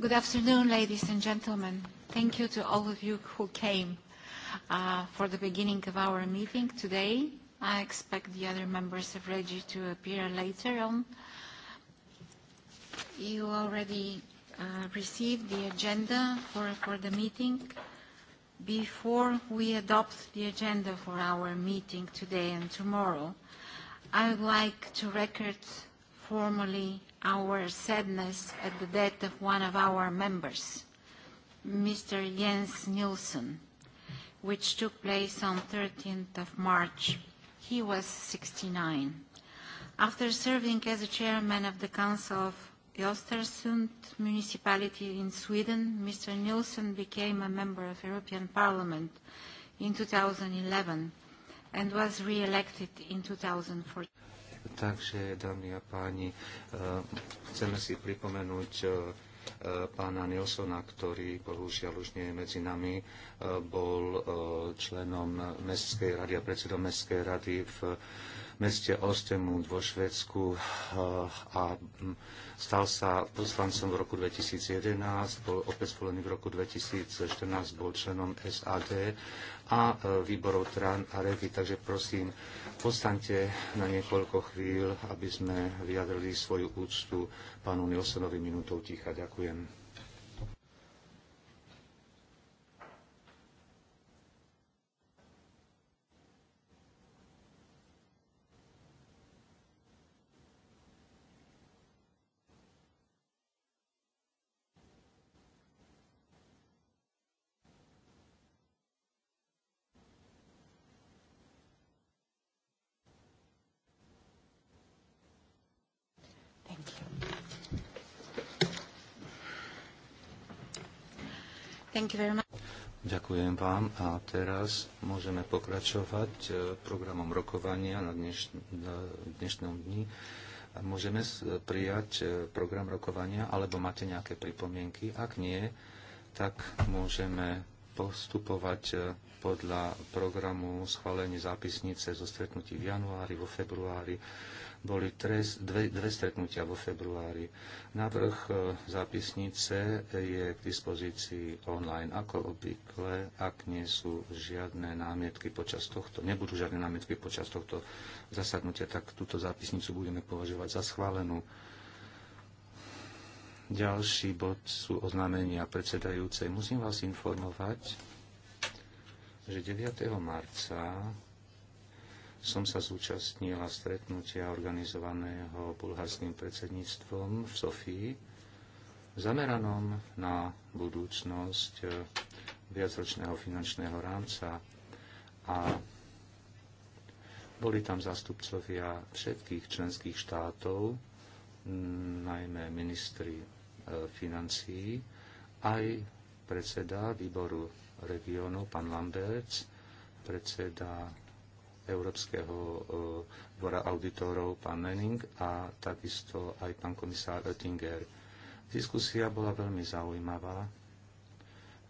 Good afternoon, ladies and gentlemen. Thank you to all of you who came uh, for the beginning of our meeting today. I expect the other members of REGI to appear later on. You already uh, received the agenda for, for the meeting. Before we adopt the agenda for our meeting today and tomorrow, I would like to record formally our sadness at the death of one of our members, Mr. Jens Nilsson, which took place on 13th of March. He was 69. After serving as a chairman of the Council of Östersund municipality in Sweden, Mr. Nilsson became a member of European Parliament in 2011 and was re-elected in 2014. Takže, dámy a páni, e, chceme si pripomenúť e, e, pána Nilsona, ktorý bohužiaľ už nie je medzi nami, bol členom Mestskej rady a predsedom Mestskej rady v meste Ostemund vo Švedsku a stal sa poslancom v roku 2011, bol opäť zvolený v roku 2014, bol členom SAD a výborov TRAN a REVI, takže prosím, Postaňte na niekoľko chvíľ, aby sme vyjadrili svoju úctu pánu Nilsonovi minútou ticha. Ďakujem. Thank you very much. Ďakujem vám a teraz môžeme pokračovať e, programom rokovania na dnešnom dni. Môžeme prijať e, program rokovania, alebo máte nejaké pripomienky? Ak nie, tak môžeme postupovať e, podľa programu schválenie zápisnice zo stretnutí v januári, vo februári. Boli tres, dve, dve stretnutia vo februári. Návrh e, zápisnice je k dispozícii online ako obvykle, ak nie sú žiadne námietky počas tohto, nebudú žiadne námietky počas tohto zasadnutia, tak túto zápisnicu budeme považovať za schválenú. Ďalší bod sú oznámenia predsedajúcej. Musím vás informovať, že 9. marca som sa zúčastnila stretnutia organizovaného bulharským predsedníctvom v Sofii, zameranom na budúcnosť eh, viacročného finančného rámca a boli tam zástupcovia všetkých členských štátov, najmä ministri financií, aj predseda výboru regiónov, pán Lambert, predseda Európskeho eh, dvora auditorov, pán Menning a takisto aj pán komisár Oettinger. Diskusia bola veľmi zaujímavá.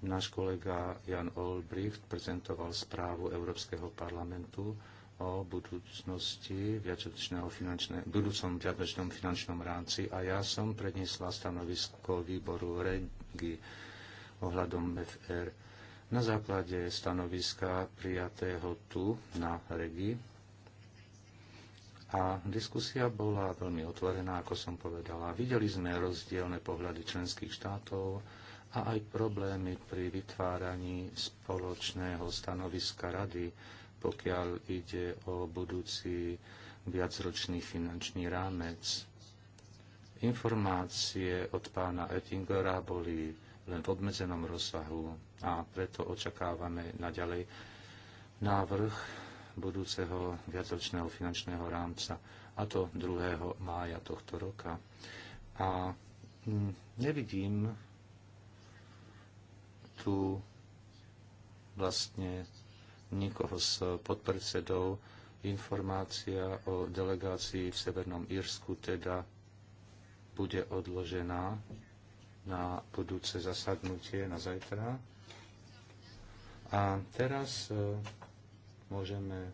Náš kolega Jan Olbricht prezentoval správu Európskeho parlamentu o budúcnosti viacročného finančné, budúcom viacročnom finančnom rámci a ja som predniesla stanovisko výboru REGI ohľadom FR na základe stanoviska prijatého tu na REGI a diskusia bola veľmi otvorená, ako som povedala. Videli sme rozdielne pohľady členských štátov a aj problémy pri vytváraní spoločného stanoviska rady pokiaľ ide o budúci viacročný finančný rámec. Informácie od pána Ettingera boli len v obmedzenom rozsahu a preto očakávame naďalej návrh budúceho viacročného finančného rámca, a to 2. mája tohto roka. A mm, nevidím tu vlastne nikoho z podpredsedov informácia o delegácii v Severnom Írsku teda bude odložená na budúce zasadnutie na zajtra. A teraz e, môžeme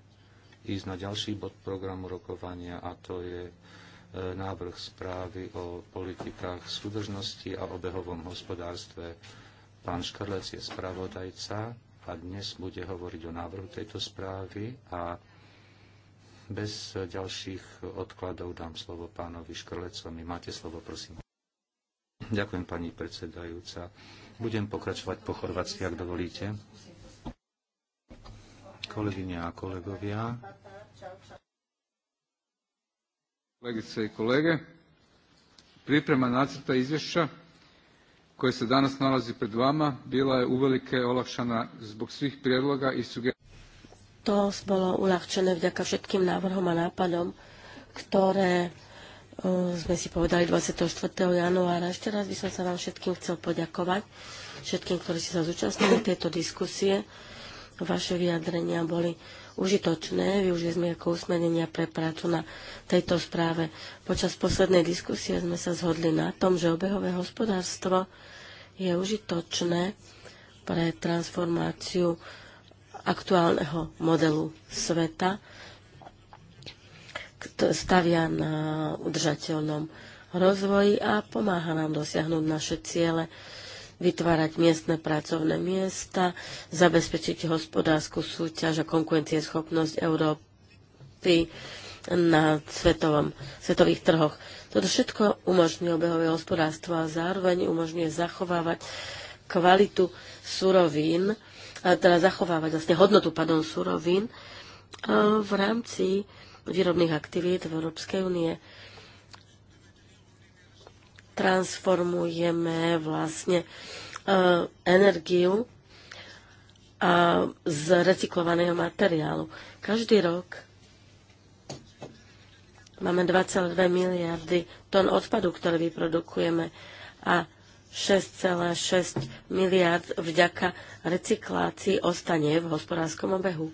ísť na ďalší bod programu rokovania a to je e, návrh správy o politikách súdržnosti a obehovom hospodárstve. Pán Škrlec je spravodajca a dnes bude hovoriť o návrhu tejto správy a bez ďalších odkladov dám slovo pánovi Škrlecovi. Máte slovo, prosím. Ďakujem, pani predsedajúca. Budem pokračovať po chorvátsky, ak dovolíte. Kolegyne a kolegovia. Kolegice i kolege, priprema nacrta izvješća koje se danas nalazi pred vama bila je uvelike olakšana zbog svih prijedloga i sugestia. To bolo uľahčené vďaka všetkým návrhom a nápadom, ktoré e, sme si povedali 24. januára. Ešte raz by som sa vám všetkým chcel poďakovať, všetkým, ktorí si sa zúčastnili tejto diskusie. Vaše vyjadrenia boli užitočné, využili sme ako usmenenia pre prácu na tejto správe. Počas poslednej diskusie sme sa zhodli na tom, že obehové hospodárstvo je užitočné pre transformáciu aktuálneho modelu sveta, stavia na udržateľnom rozvoji a pomáha nám dosiahnuť naše ciele, vytvárať miestne pracovné miesta, zabezpečiť hospodárskú súťaž a konkurencieschopnosť Európy na svetovom, svetových trhoch. Toto všetko umožňuje obehové hospodárstvo a zároveň umožňuje zachovávať kvalitu surovín, teda zachovávať vlastne hodnotu padom surovín v rámci výrobných aktivít v Európskej únie. Transformujeme vlastne e, energiu z recyklovaného materiálu. Každý rok Máme 2,2 miliardy tón odpadu, ktoré vyprodukujeme a 6,6 miliard vďaka recyklácii ostane v hospodárskom obehu.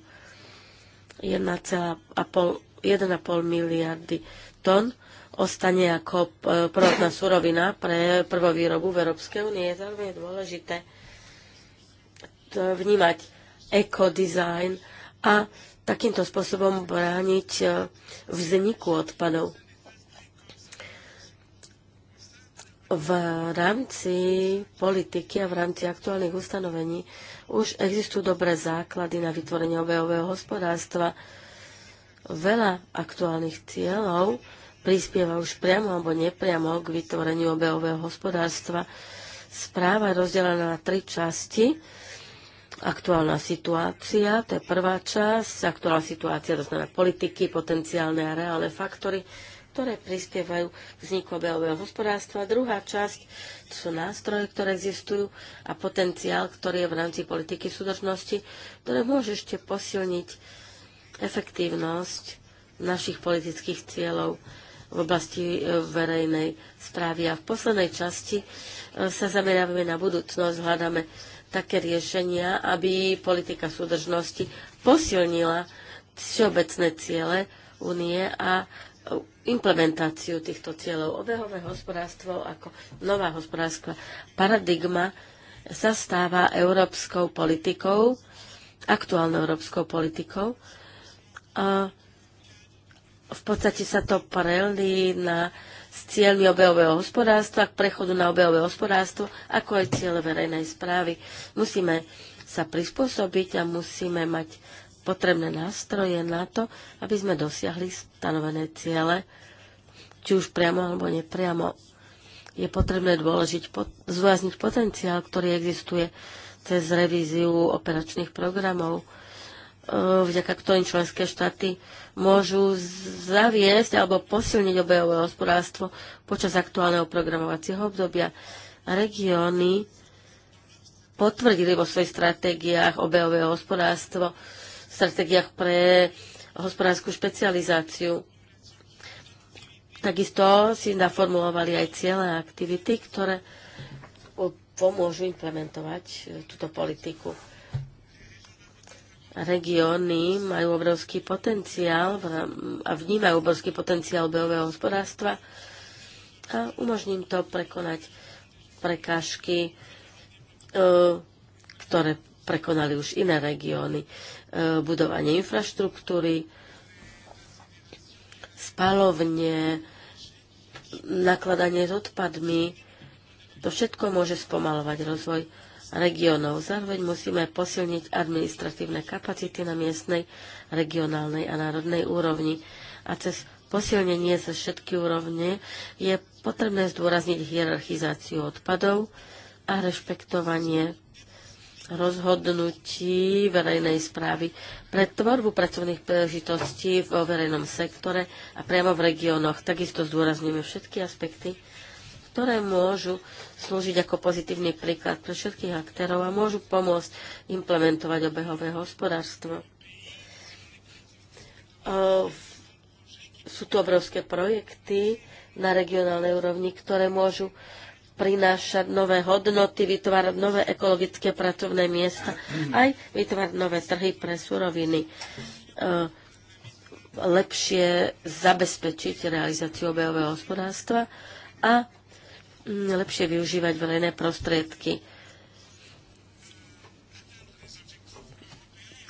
1,5 miliardy tón ostane ako e, prvotná surovina pre prvovýrobu v Európskej únie. Zároveň je dôležité vnímať ekodizajn a takýmto spôsobom brániť e, vzniku odpadov. V rámci politiky a v rámci aktuálnych ustanovení už existujú dobré základy na vytvorenie obehového hospodárstva. Veľa aktuálnych cieľov prispieva už priamo alebo nepriamo k vytvoreniu obehového hospodárstva. Správa je rozdelená na tri časti aktuálna situácia, to je prvá časť, aktuálna situácia, to znamená politiky, potenciálne a reálne faktory, ktoré prispievajú k vzniku obehového hospodárstva. Druhá časť to sú nástroje, ktoré existujú a potenciál, ktorý je v rámci politiky súdržnosti, ktoré môže ešte posilniť efektívnosť našich politických cieľov v oblasti e, verejnej správy. A v poslednej časti e, sa zameriavame na budúcnosť, hľadáme také riešenia, aby politika súdržnosti posilnila všeobecné ciele únie a implementáciu týchto cieľov. Obehové hospodárstvo ako nová hospodárska paradigma sa stáva európskou politikou, aktuálnou európskou politikou. A v podstate sa to prelí na s cieľmi obehového hospodárstva, k prechodu na obehové hospodárstvo, ako aj cieľe verejnej správy. Musíme sa prispôsobiť a musíme mať potrebné nástroje na to, aby sme dosiahli stanovené ciele, či už priamo alebo nepriamo. Je potrebné dôležiť, pot, zvázniť potenciál, ktorý existuje cez revíziu operačných programov, Eh, vďaka ktorým členské štáty môžu zaviesť alebo posilniť obejové hospodárstvo počas aktuálneho programovacieho obdobia. Regióny potvrdili vo svojich stratégiách obejového hospodárstvo, v stratégiách pre hospodárskú špecializáciu. Takisto si naformulovali aj ciele a aktivity, ktoré pomôžu implementovať eh, túto politiku regióny majú obrovský potenciál a vnímajú obrovský potenciál behového hospodárstva a umožním to prekonať prekážky, e, ktoré prekonali už iné regióny. E, budovanie infraštruktúry, spalovne, nakladanie s odpadmi, to všetko môže spomalovať rozvoj regionov. Zároveň musíme posilniť administratívne kapacity na miestnej, regionálnej a národnej úrovni. A cez posilnenie sa všetky úrovne je potrebné zdôrazniť hierarchizáciu odpadov a rešpektovanie rozhodnutí verejnej správy pre tvorbu pracovných príležitostí vo verejnom sektore a priamo v regiónoch. Takisto zdôrazňujeme všetky aspekty, ktoré môžu slúžiť ako pozitívny príklad pre všetkých aktérov a môžu pomôcť implementovať obehové hospodárstvo. Sú tu obrovské projekty na regionálnej úrovni, ktoré môžu prinášať nové hodnoty, vytvárať nové ekologické pracovné miesta, aj vytvárať nové trhy pre suroviny lepšie zabezpečiť realizáciu obehového hospodárstva a lepšie využívať verejné prostriedky.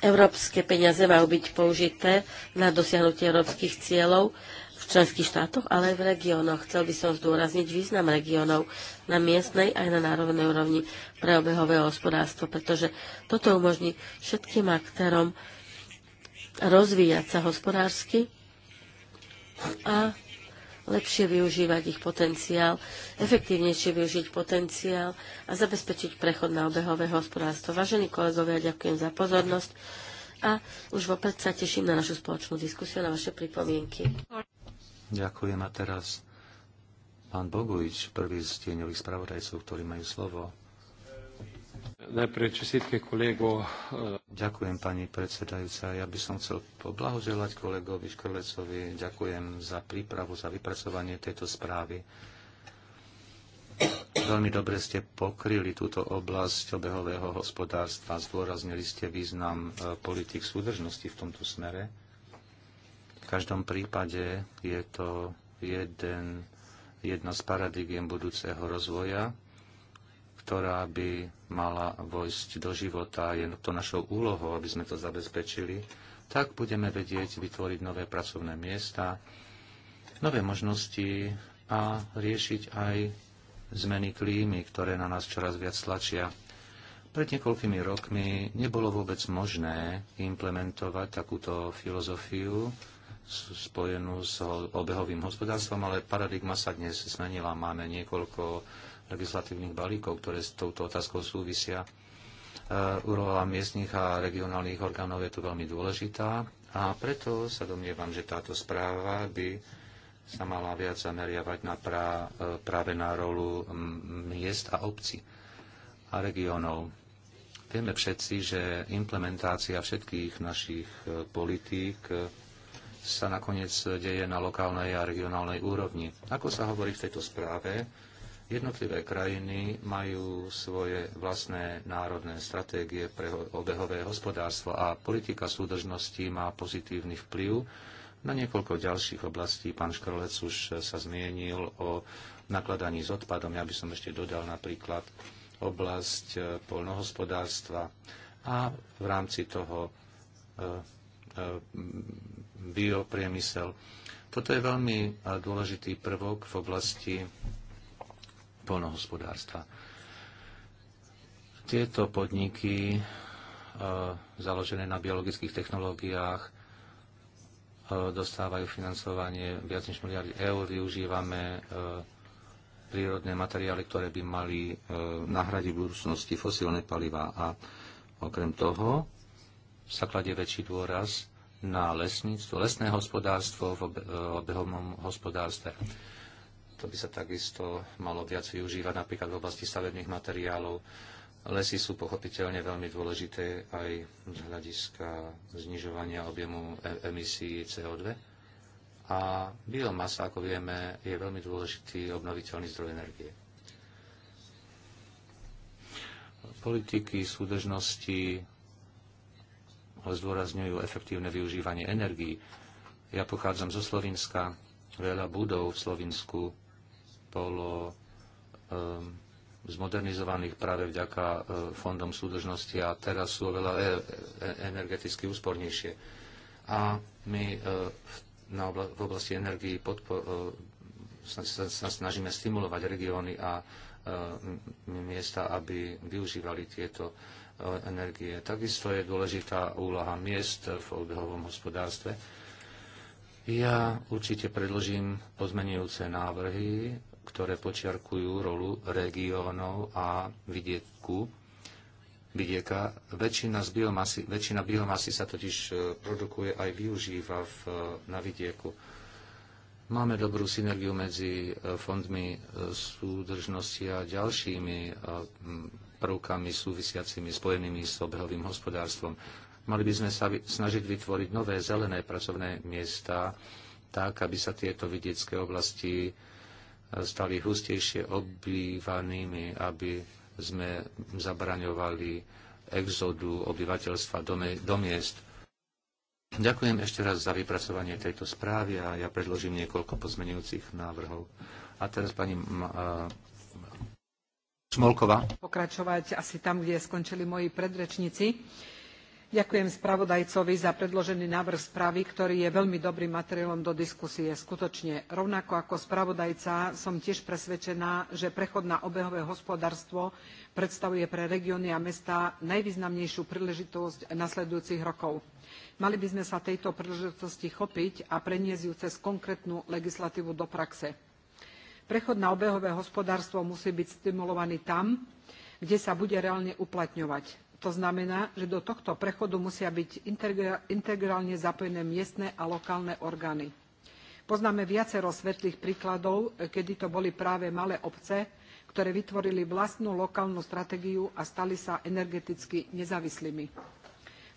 Európske peniaze majú byť použité na dosiahnutie európskych cieľov v členských štátoch, ale aj v regiónoch. Chcel by som zdôrazniť význam regiónov na miestnej aj na národnej úrovni pre obehové hospodárstvo, pretože toto umožní všetkým aktérom rozvíjať sa hospodársky a lepšie využívať ich potenciál, efektívnejšie využiť potenciál a zabezpečiť prechod na obehové hospodárstvo. Vážení kolegovia, ďakujem za pozornosť a už vopred sa teším na našu spoločnú diskusiu, na vaše pripomienky. Ďakujem a teraz pán Boguič, prvý z tieňových spravodajcov, ktorí majú slovo. Najprv čestitke kolego. E, Ďakujem pani predsedajúca. Ja by som chcel poblahoželať kolegovi Škrlecovi. Ďakujem za prípravu, za vypracovanie tejto správy. Veľmi dobre ste pokryli túto oblasť obehového hospodárstva. Zdôraznili ste význam e, politik súdržnosti v tomto smere. V každom prípade je to jeden, jedna z paradigiem budúceho rozvoja ktorá by mala vojsť do života, je to našou úlohou, aby sme to zabezpečili, tak budeme vedieť vytvoriť nové pracovné miesta, nové možnosti a riešiť aj zmeny klímy, ktoré na nás čoraz viac tlačia. Pred niekoľkými rokmi nebolo vôbec možné implementovať takúto filozofiu spojenú s obehovým hospodárstvom, ale paradigma sa dnes zmenila. Máme niekoľko legislatívnych balíkov, ktoré s touto otázkou súvisia. E, Úrola miestnych a regionálnych orgánov je tu veľmi dôležitá a preto sa domnievam, že táto správa by sa mala viac zameriavať na pra, e, práve na rolu miest a obcí a regiónov. Vieme všetci, že implementácia všetkých našich e, politík sa nakoniec deje na lokálnej a regionálnej úrovni. Ako sa hovorí v tejto správe, Jednotlivé krajiny majú svoje vlastné národné stratégie pre obehové hospodárstvo a politika súdržnosti má pozitívny vplyv na niekoľko ďalších oblastí. Pán Škrolec už sa zmienil o nakladaní s odpadom. Ja by som ešte dodal napríklad oblasť e, polnohospodárstva a v rámci toho e, e, biopriemysel. Toto je veľmi dôležitý prvok v oblasti polnohospodárstva. Tieto podniky e, založené na biologických technológiách e, dostávajú financovanie viac než miliardy eur. Využívame e, prírodné materiály, ktoré by mali nahradiť v budúcnosti fosílne paliva. A okrem toho sa kladie väčší dôraz na lesníctvo, lesné hospodárstvo v obehovnom hospodárstve. To by sa takisto malo viac využívať napríklad v oblasti stavebných materiálov. Lesy sú pochopiteľne veľmi dôležité aj z hľadiska znižovania objemu e- emisí CO2. A biomasa, ako vieme, je veľmi dôležitý obnoviteľný zdroj energie. Politiky súdržnosti zdôrazňujú efektívne využívanie energií. Ja pochádzam zo Slovenska. Veľa budov v Slovensku bolo um, zmodernizovaných práve vďaka e, fondom súdržnosti a teraz sú oveľa e, e, energeticky úspornejšie. A my v oblasti energii sa snažíme stimulovať regióny a miesta, aby využívali tieto energie. Takisto je dôležitá úlaha miest v obehovom hospodárstve. Ja určite predložím pozmenujúce návrhy ktoré počiarkujú rolu regiónov a vidieku, vidieka. Väčšina, z biomasy, väčšina biomasy sa totiž e, produkuje aj využíva v, e, na vidieku. Máme dobrú synergiu medzi e, fondmi súdržnosti a ďalšími prvkami súvisiacimi spojenými s obehovým hospodárstvom. Mali by sme sa snažiť vytvoriť nové zelené pracovné miesta, tak, aby sa tieto vidiecké oblasti stali hustejšie obývanými, aby sme zabraňovali exodu obyvateľstva do, do miest. Ďakujem ešte raz za vypracovanie tejto správy a ja predložím niekoľko pozmenujúcich návrhov. A teraz pani Šmolková. Pokračovať asi tam, kde skončili moji predrečníci ďakujem spravodajcovi za predložený návrh správy ktorý je veľmi dobrým materiálom do diskusie. skutočne rovnako ako spravodajca som tiež presvedčená že prechod na obehové hospodárstvo predstavuje pre regióny a mestá najvýznamnejšiu príležitosť nasledujúcich rokov. mali by sme sa tejto príležitosti chopiť a preniesť ju cez konkrétnu legislatívu do praxe. prechod na obehové hospodárstvo musí byť stimulovaný tam kde sa bude reálne uplatňovať to znamená, že do tohto prechodu musia byť integrálne zapojené miestne a lokálne orgány. Poznáme viacero svetlých príkladov, e, kedy to boli práve malé obce, ktoré vytvorili vlastnú lokálnu stratégiu a stali sa energeticky nezávislými.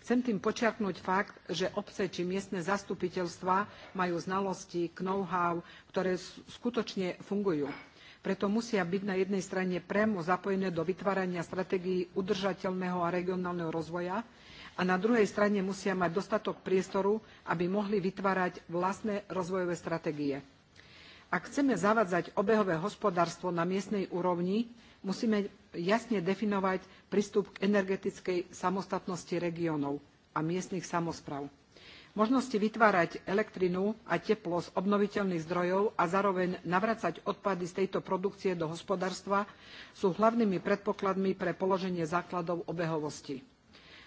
Chcem tým počiarknúť fakt, že obce či miestne zastupiteľstvá majú znalosti, know-how, ktoré skutočne fungujú preto musia byť na jednej strane priamo zapojené do vytvárania stratégií udržateľného a regionálneho rozvoja a na druhej strane musia mať dostatok priestoru aby mohli vytvárať vlastné rozvojové stratégie. ak chceme zavádzať obehové hospodárstvo na miestnej úrovni musíme jasne definovať prístup k energetickej samostatnosti regiónov a miestnych samospráv možnosti vytvárať elektrinu a teplo z obnoviteľných zdrojov a zároveň navracať odpady z tejto produkcie do hospodárstva sú hlavnými predpokladmi pre položenie základov obehovosti.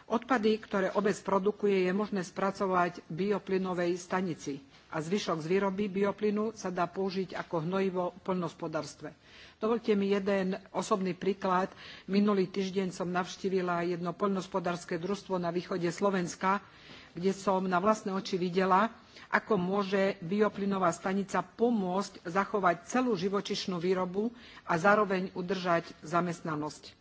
odpady ktoré obec produkuje je možné spracovať v bioplynovej stanici a zvyšok z výroby bioplynu sa dá použiť ako hnojivo v poľnohospodárstve. dovoľte mi jeden osobný príklad minulý týždeň som navštívila jedno poľnohospodárske družstvo na východe slovenska kde som na vlastné oči videla, ako môže bioplynová stanica pomôcť zachovať celú živočíšnu výrobu a zároveň udržať zamestnanosť.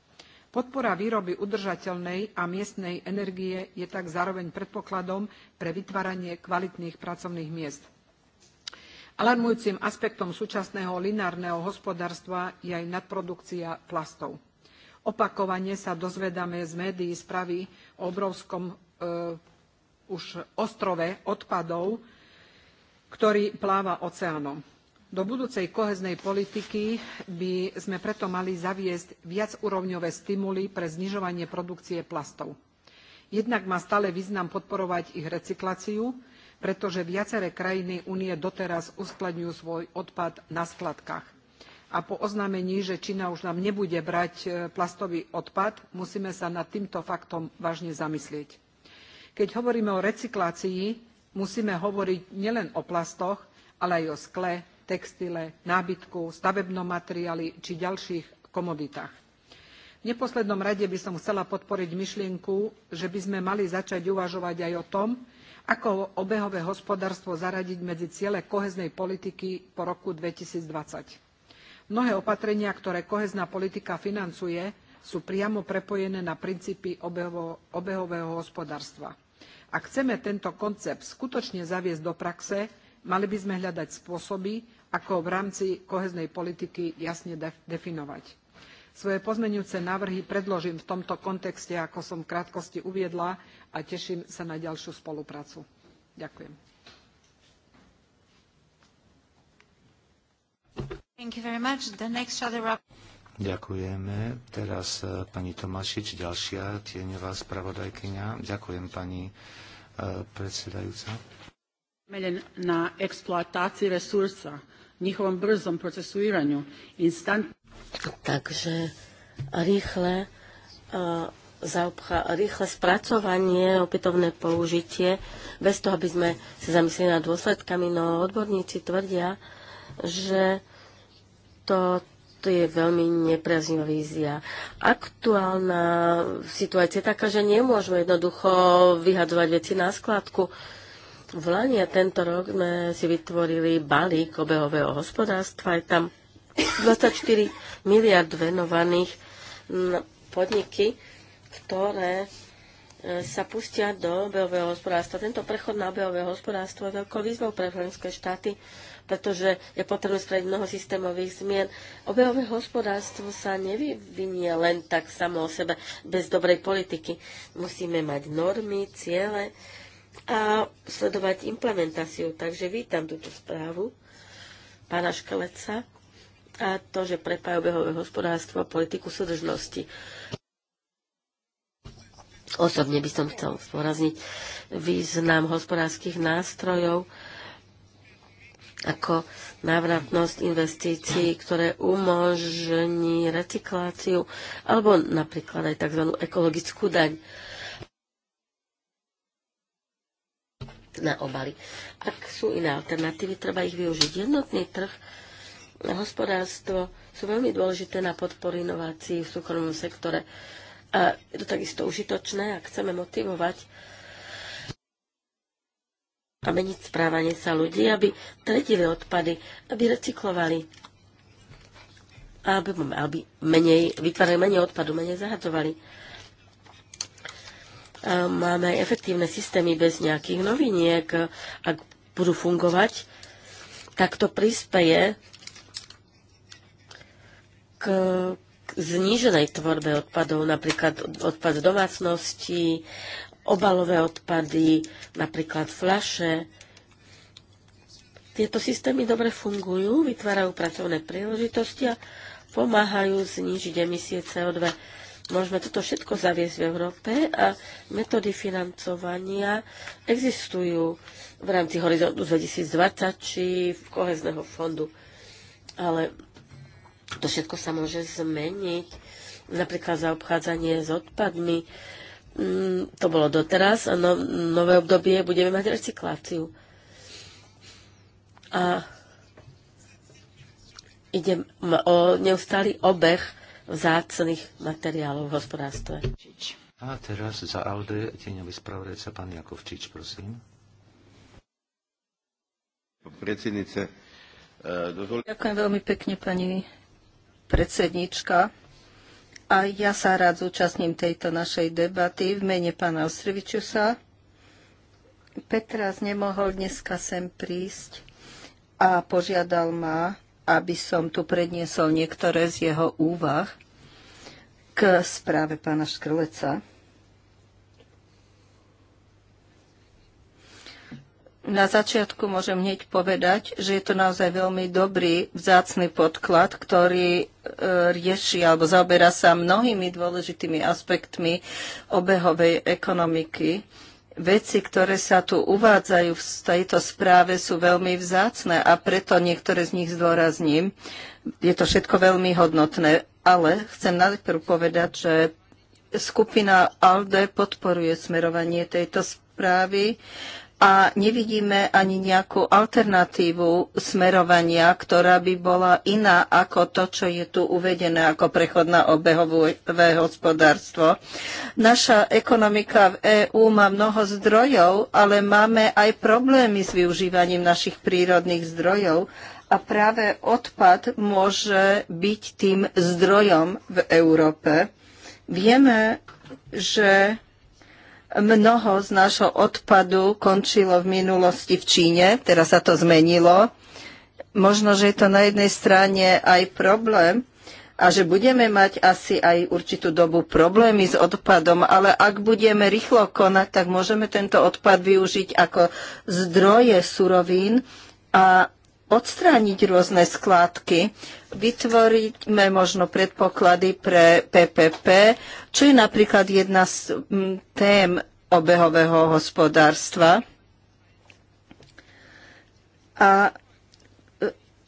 Podpora výroby udržateľnej a miestnej energie je tak zároveň predpokladom pre vytváranie kvalitných pracovných miest. Alarmujúcim aspektom súčasného lineárneho hospodárstva je aj nadprodukcia plastov. Opakovane sa dozvedáme z médií správy o obrovskom e, už ostrove odpadov, ktorý pláva oceánom. Do budúcej koheznej politiky by sme preto mali zaviesť viacúrovňové stimuly pre znižovanie produkcie plastov. Jednak má stále význam podporovať ich recykláciu, pretože viaceré krajiny únie doteraz uskladňujú svoj odpad na skladkách. A po oznámení, že Čína už nám nebude brať e, plastový odpad, musíme sa nad týmto faktom vážne zamyslieť keď hovoríme o recyklácii musíme hovoriť nielen o plastoch ale aj o skle textile nábytku stavebnom materiáli či ďalších komoditách. v neposlednom rade by som chcela podporiť myšlienku že by sme mali začať uvažovať aj o tom ako obehové hospodárstvo zaradiť medzi ciele kohéznej politiky po roku. two thousand and twenty mnohé opatrenia ktoré kohézna politika financuje sú priamo prepojené na princípy obehového hospodárstva ak chceme tento koncept skutočne zaviesť do praxe mali by sme hľadať spôsoby ako ho v rámci kohéznej politiky jasne definovať. svoje pozmeňujúce návrhy predložím v tomto kontexte ako som v krátkosti uviedla a teším sa na ďalšiu spoluprácu. ďakujem. Ďakujeme. Teraz e, pani Tomašič, ďalšia tieňová spravodajkynia. Ďakujem pani e, predsedajúca. na exploatácii resursa, nichovom brzom procesuiranju, instant... Takže rýchle, uh, zaobcha, rýchle spracovanie, opätovné použitie, bez toho, aby sme sa zamysleli nad dôsledkami, no odborníci tvrdia, že to toto je veľmi nepriaznivá vízia. Aktuálna situácia je taká, že nemôžeme jednoducho vyhadzovať veci na skladku. V Lani a tento rok sme si vytvorili balík obehového hospodárstva. Je tam 24 miliard venovaných podniky, ktoré e, sa pustia do obehového hospodárstva. Tento prechod na obehové hospodárstvo je veľkou výzvou pre členské štáty, pretože je potrebné spraviť mnoho systémových zmien. Obehové hospodárstvo sa nevyvinie len tak samo o sebe, bez dobrej politiky. Musíme mať normy, ciele a sledovať implementáciu. Takže vítam túto správu pána Škaleca a to, že prepája obehové hospodárstvo a politiku súdržnosti. Osobne by som chcel sporazniť význam hospodárskych nástrojov ako návratnosť investícií, ktoré umožní recykláciu alebo napríklad aj tzv. ekologickú daň na obaly. Ak sú iné alternatívy, treba ich využiť. Jednotný trh a hospodárstvo sú veľmi dôležité na podporu inovácií v súkromnom sektore. A je to takisto užitočné, ak chceme motivovať a meniť správanie sa ľudí, aby tretivé odpady, aby recyklovali, aby, aby menej, vytvárali menej odpadu, menej zahadzovali. A máme aj efektívne systémy bez nejakých noviniek. Ak budú fungovať, tak to prispeje k zníženej tvorbe odpadov, napríklad odpad z domácnosti, obalové odpady, napríklad flaše. Tieto systémy dobre fungujú, vytvárajú pracovné príležitosti a pomáhajú znížiť emisie CO2. Môžeme toto všetko zaviesť v Európe a metódy financovania existujú v rámci Horizontu 2020 či v kohezného fondu. Ale to všetko sa môže zmeniť. Napríklad zaobchádzanie s odpadmi, Mm, to bolo doteraz a no, nové obdobie budeme mať recykláciu. A ide o neustály obeh vzácných materiálov v hospodárstve. A teraz za Alde tieňový spravodajca pán Jakovčič, prosím. Predsednice, e, dozvol... Ďakujem veľmi pekne, pani predsednička. A ja sa rád zúčastním tejto našej debaty v mene pána Ostrevičusa. Petra nemohol dneska sem prísť a požiadal ma, aby som tu predniesol niektoré z jeho úvah k správe pána Škrleca. Na začiatku môžem hneď povedať, že je to naozaj veľmi dobrý, vzácny podklad, ktorý e, rieši alebo zaoberá sa mnohými dôležitými aspektmi obehovej ekonomiky. Veci, ktoré sa tu uvádzajú v tejto správe, sú veľmi vzácne a preto niektoré z nich zdôrazním. Je to všetko veľmi hodnotné, ale chcem najprv povedať, že skupina ALDE podporuje smerovanie tejto správy a nevidíme ani nejakú alternatívu smerovania, ktorá by bola iná ako to, čo je tu uvedené ako prechod na obehové hospodárstvo. Naša ekonomika v EÚ má mnoho zdrojov, ale máme aj problémy s využívaním našich prírodných zdrojov a práve odpad môže byť tým zdrojom v Európe. Vieme, že Mnoho z nášho odpadu končilo v minulosti v Číne, teraz sa to zmenilo. Možno, že je to na jednej strane aj problém, a že budeme mať asi aj určitú dobu problémy s odpadom, ale ak budeme rýchlo konať, tak môžeme tento odpad využiť ako zdroje surovín a odstrániť rôzne skládky, vytvoríme možno predpoklady pre PPP, čo je napríklad jedna z tém obehového hospodárstva. A e,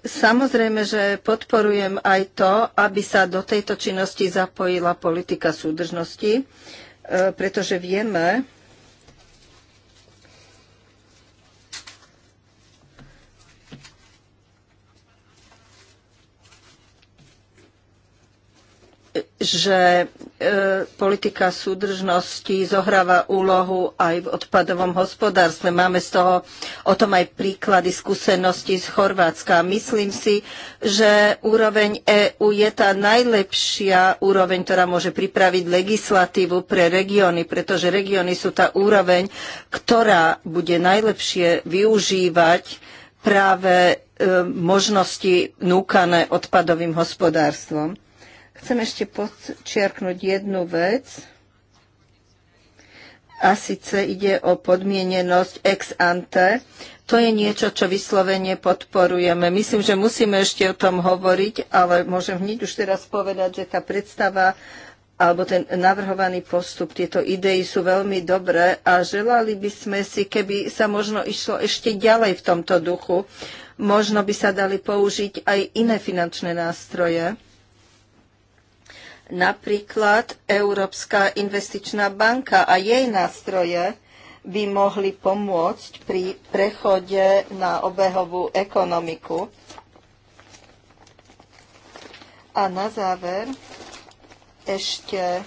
samozrejme, že podporujem aj to, aby sa do tejto činnosti zapojila politika súdržnosti, e, pretože vieme, že e, politika súdržnosti zohráva úlohu aj v odpadovom hospodárstve. Máme z toho o tom aj príklady skúsenosti z Chorvátska. Myslím si, že úroveň EÚ je tá najlepšia úroveň, ktorá môže pripraviť legislatívu pre regióny, pretože regióny sú tá úroveň, ktorá bude najlepšie využívať práve e, možnosti núkané odpadovým hospodárstvom. Chcem ešte podčiarknúť jednu vec. A síce ide o podmienenosť ex ante. To je niečo, čo vyslovene podporujeme. Myslím, že musíme ešte o tom hovoriť, ale môžem hneď už teraz povedať, že tá predstava alebo ten navrhovaný postup, tieto idei sú veľmi dobré a želali by sme si, keby sa možno išlo ešte ďalej v tomto duchu. Možno by sa dali použiť aj iné finančné nástroje. Napríklad Európska investičná banka a jej nástroje by mohli pomôcť pri prechode na obehovú ekonomiku. A na záver ešte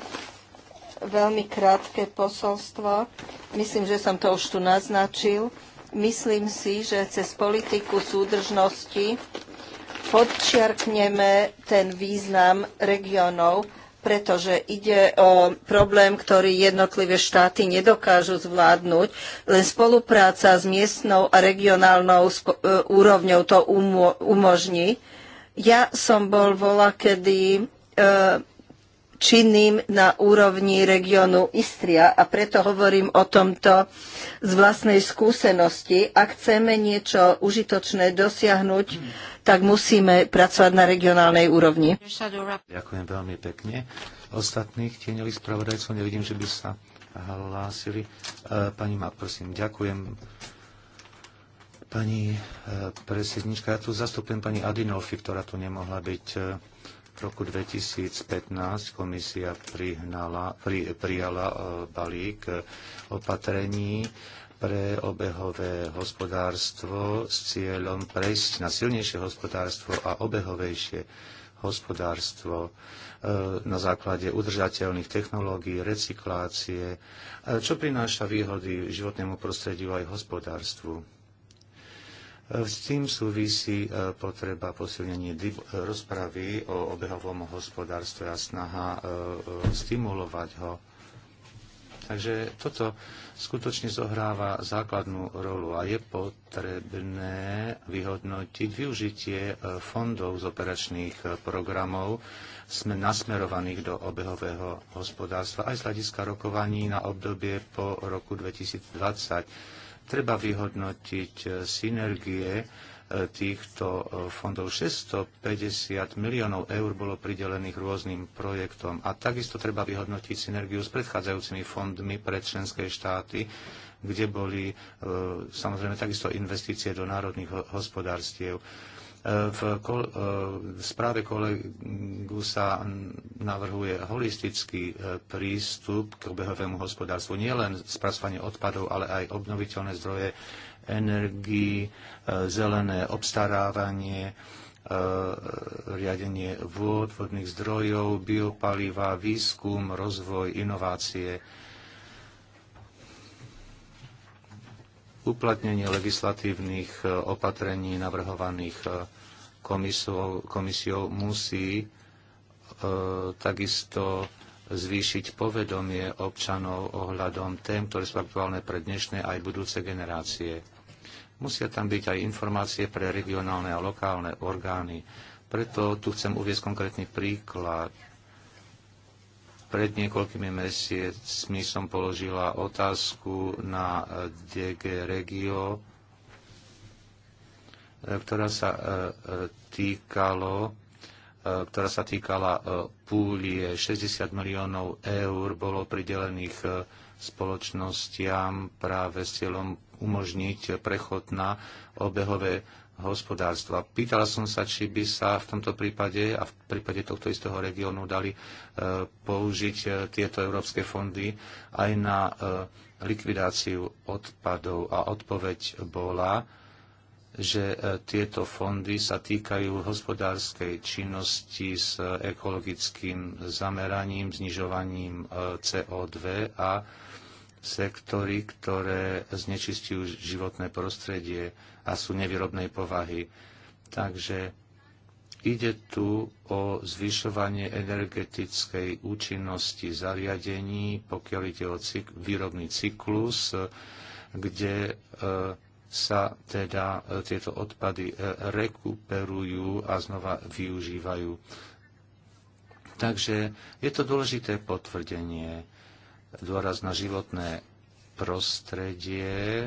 veľmi krátke posolstvo. Myslím, že som to už tu naznačil. Myslím si, že cez politiku súdržnosti podčiarkneme ten význam regiónov, pretože ide o problém, ktorý jednotlivé štáty nedokážu zvládnuť. Len spolupráca s miestnou a regionálnou e, úrovňou to umo umožní. Ja som bol vola, kedy e, činným na úrovni regiónu Istria a preto hovorím o tomto z vlastnej skúsenosti. Ak chceme niečo užitočné dosiahnuť, tak musíme pracovať na regionálnej úrovni. Ďakujem veľmi pekne. Ostatných tieňových spravodajcov nevidím, že by sa hlásili. E, pani Mak, prosím, ďakujem. Pani e, presednička, ja tu zastupujem pani Adinolfi, ktorá tu nemohla byť e, v roku 2015 komisia prihnala, pri, prijala e, balík opatrení pre obehové hospodárstvo s cieľom prejsť na silnejšie hospodárstvo a obehovejšie hospodárstvo e, na základe udržateľných technológií, recyklácie, e, čo prináša výhody životnému prostrediu aj hospodárstvu. E, s tým súvisí e, potreba posilnenie rozpravy o obehovom hospodárstve a snaha e, stimulovať ho. Takže toto skutočne zohráva základnú rolu a je potrebné vyhodnotiť využitie fondov z operačných programov sme nasmerovaných do obehového hospodárstva aj z hľadiska rokovaní na obdobie po roku 2020 Treba vyhodnotiť e, synergie e, týchto e, fondov. 650 miliónov eur bolo pridelených rôznym projektom a takisto treba vyhodnotiť synergiu s predchádzajúcimi fondmi pre členské štáty, kde boli samozrejme takisto investície do národných hospodárstiev. E, v správe kolegu sa navrhuje holistický e, prístup k obehovému hospodárstvu, nielen spracovanie odpadov, ale aj obnoviteľné zdroje energii, e, zelené obstarávanie, riadenie vôd, vodných zdrojov, biopaliva, výskum, rozvoj, inovácie uplatnenie legislatívnych e, opatrení navrhovaných e, komisiou, komisiou musí e, takisto zvýšiť povedomie občanov ohľadom tém, ktoré sú aktuálne pre dnešné aj budúce generácie. Musia tam byť aj informácie pre regionálne a lokálne orgány. Preto tu chcem uvieť konkrétny príklad. Pred niekoľkými mesiacmi som položila otázku na eh, DG Regio, eh, ktorá sa eh, týkalo ktorá sa týkala púlie 60 miliónov eur bolo pridelených spoločnostiam práve s cieľom umožniť prechod na obehové hospodárstva. Pýtala som sa, či by sa v tomto prípade a v prípade tohto istého regiónu dali e, použiť e, tieto európske fondy aj na e, likvidáciu odpadov a odpoveď bola, že tieto fondy sa týkajú hospodárskej činnosti s ekologickým zameraním, znižovaním CO2 a sektory, ktoré znečistujú životné prostredie a sú nevyrobnej povahy. Takže ide tu o zvyšovanie energetickej účinnosti zariadení, pokiaľ ide o cyk- výrobný cyklus, kde e, sa teda e, tieto odpady e, rekuperujú a znova využívajú. Takže je to dôležité potvrdenie, dôraz na životné prostredie,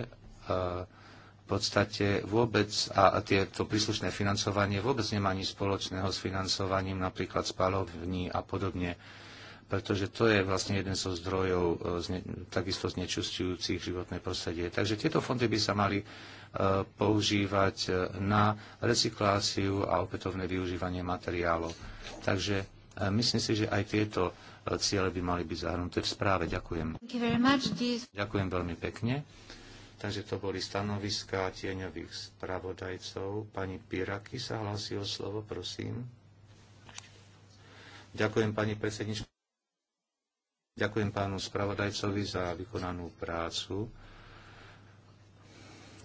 v podstate vôbec a tieto príslušné financovanie vôbec nemá nič spoločného s financovaním napríklad spalovní a podobne, pretože to je vlastne jeden zo zdrojov e, takisto znečistujúcich životné prostredie. Takže tieto fondy by sa mali e, používať e, na recykláciu a opätovné využívanie materiálov. Takže myslím si, že aj tieto ciele by mali byť zahrnuté v správe. Ďakujem. Ďakujem veľmi pekne. Takže to boli stanoviská tieňových spravodajcov. Pani Piraky sa hlási o slovo, prosím. Ďakujem pani predsednička. Ďakujem pánu spravodajcovi za vykonanú prácu.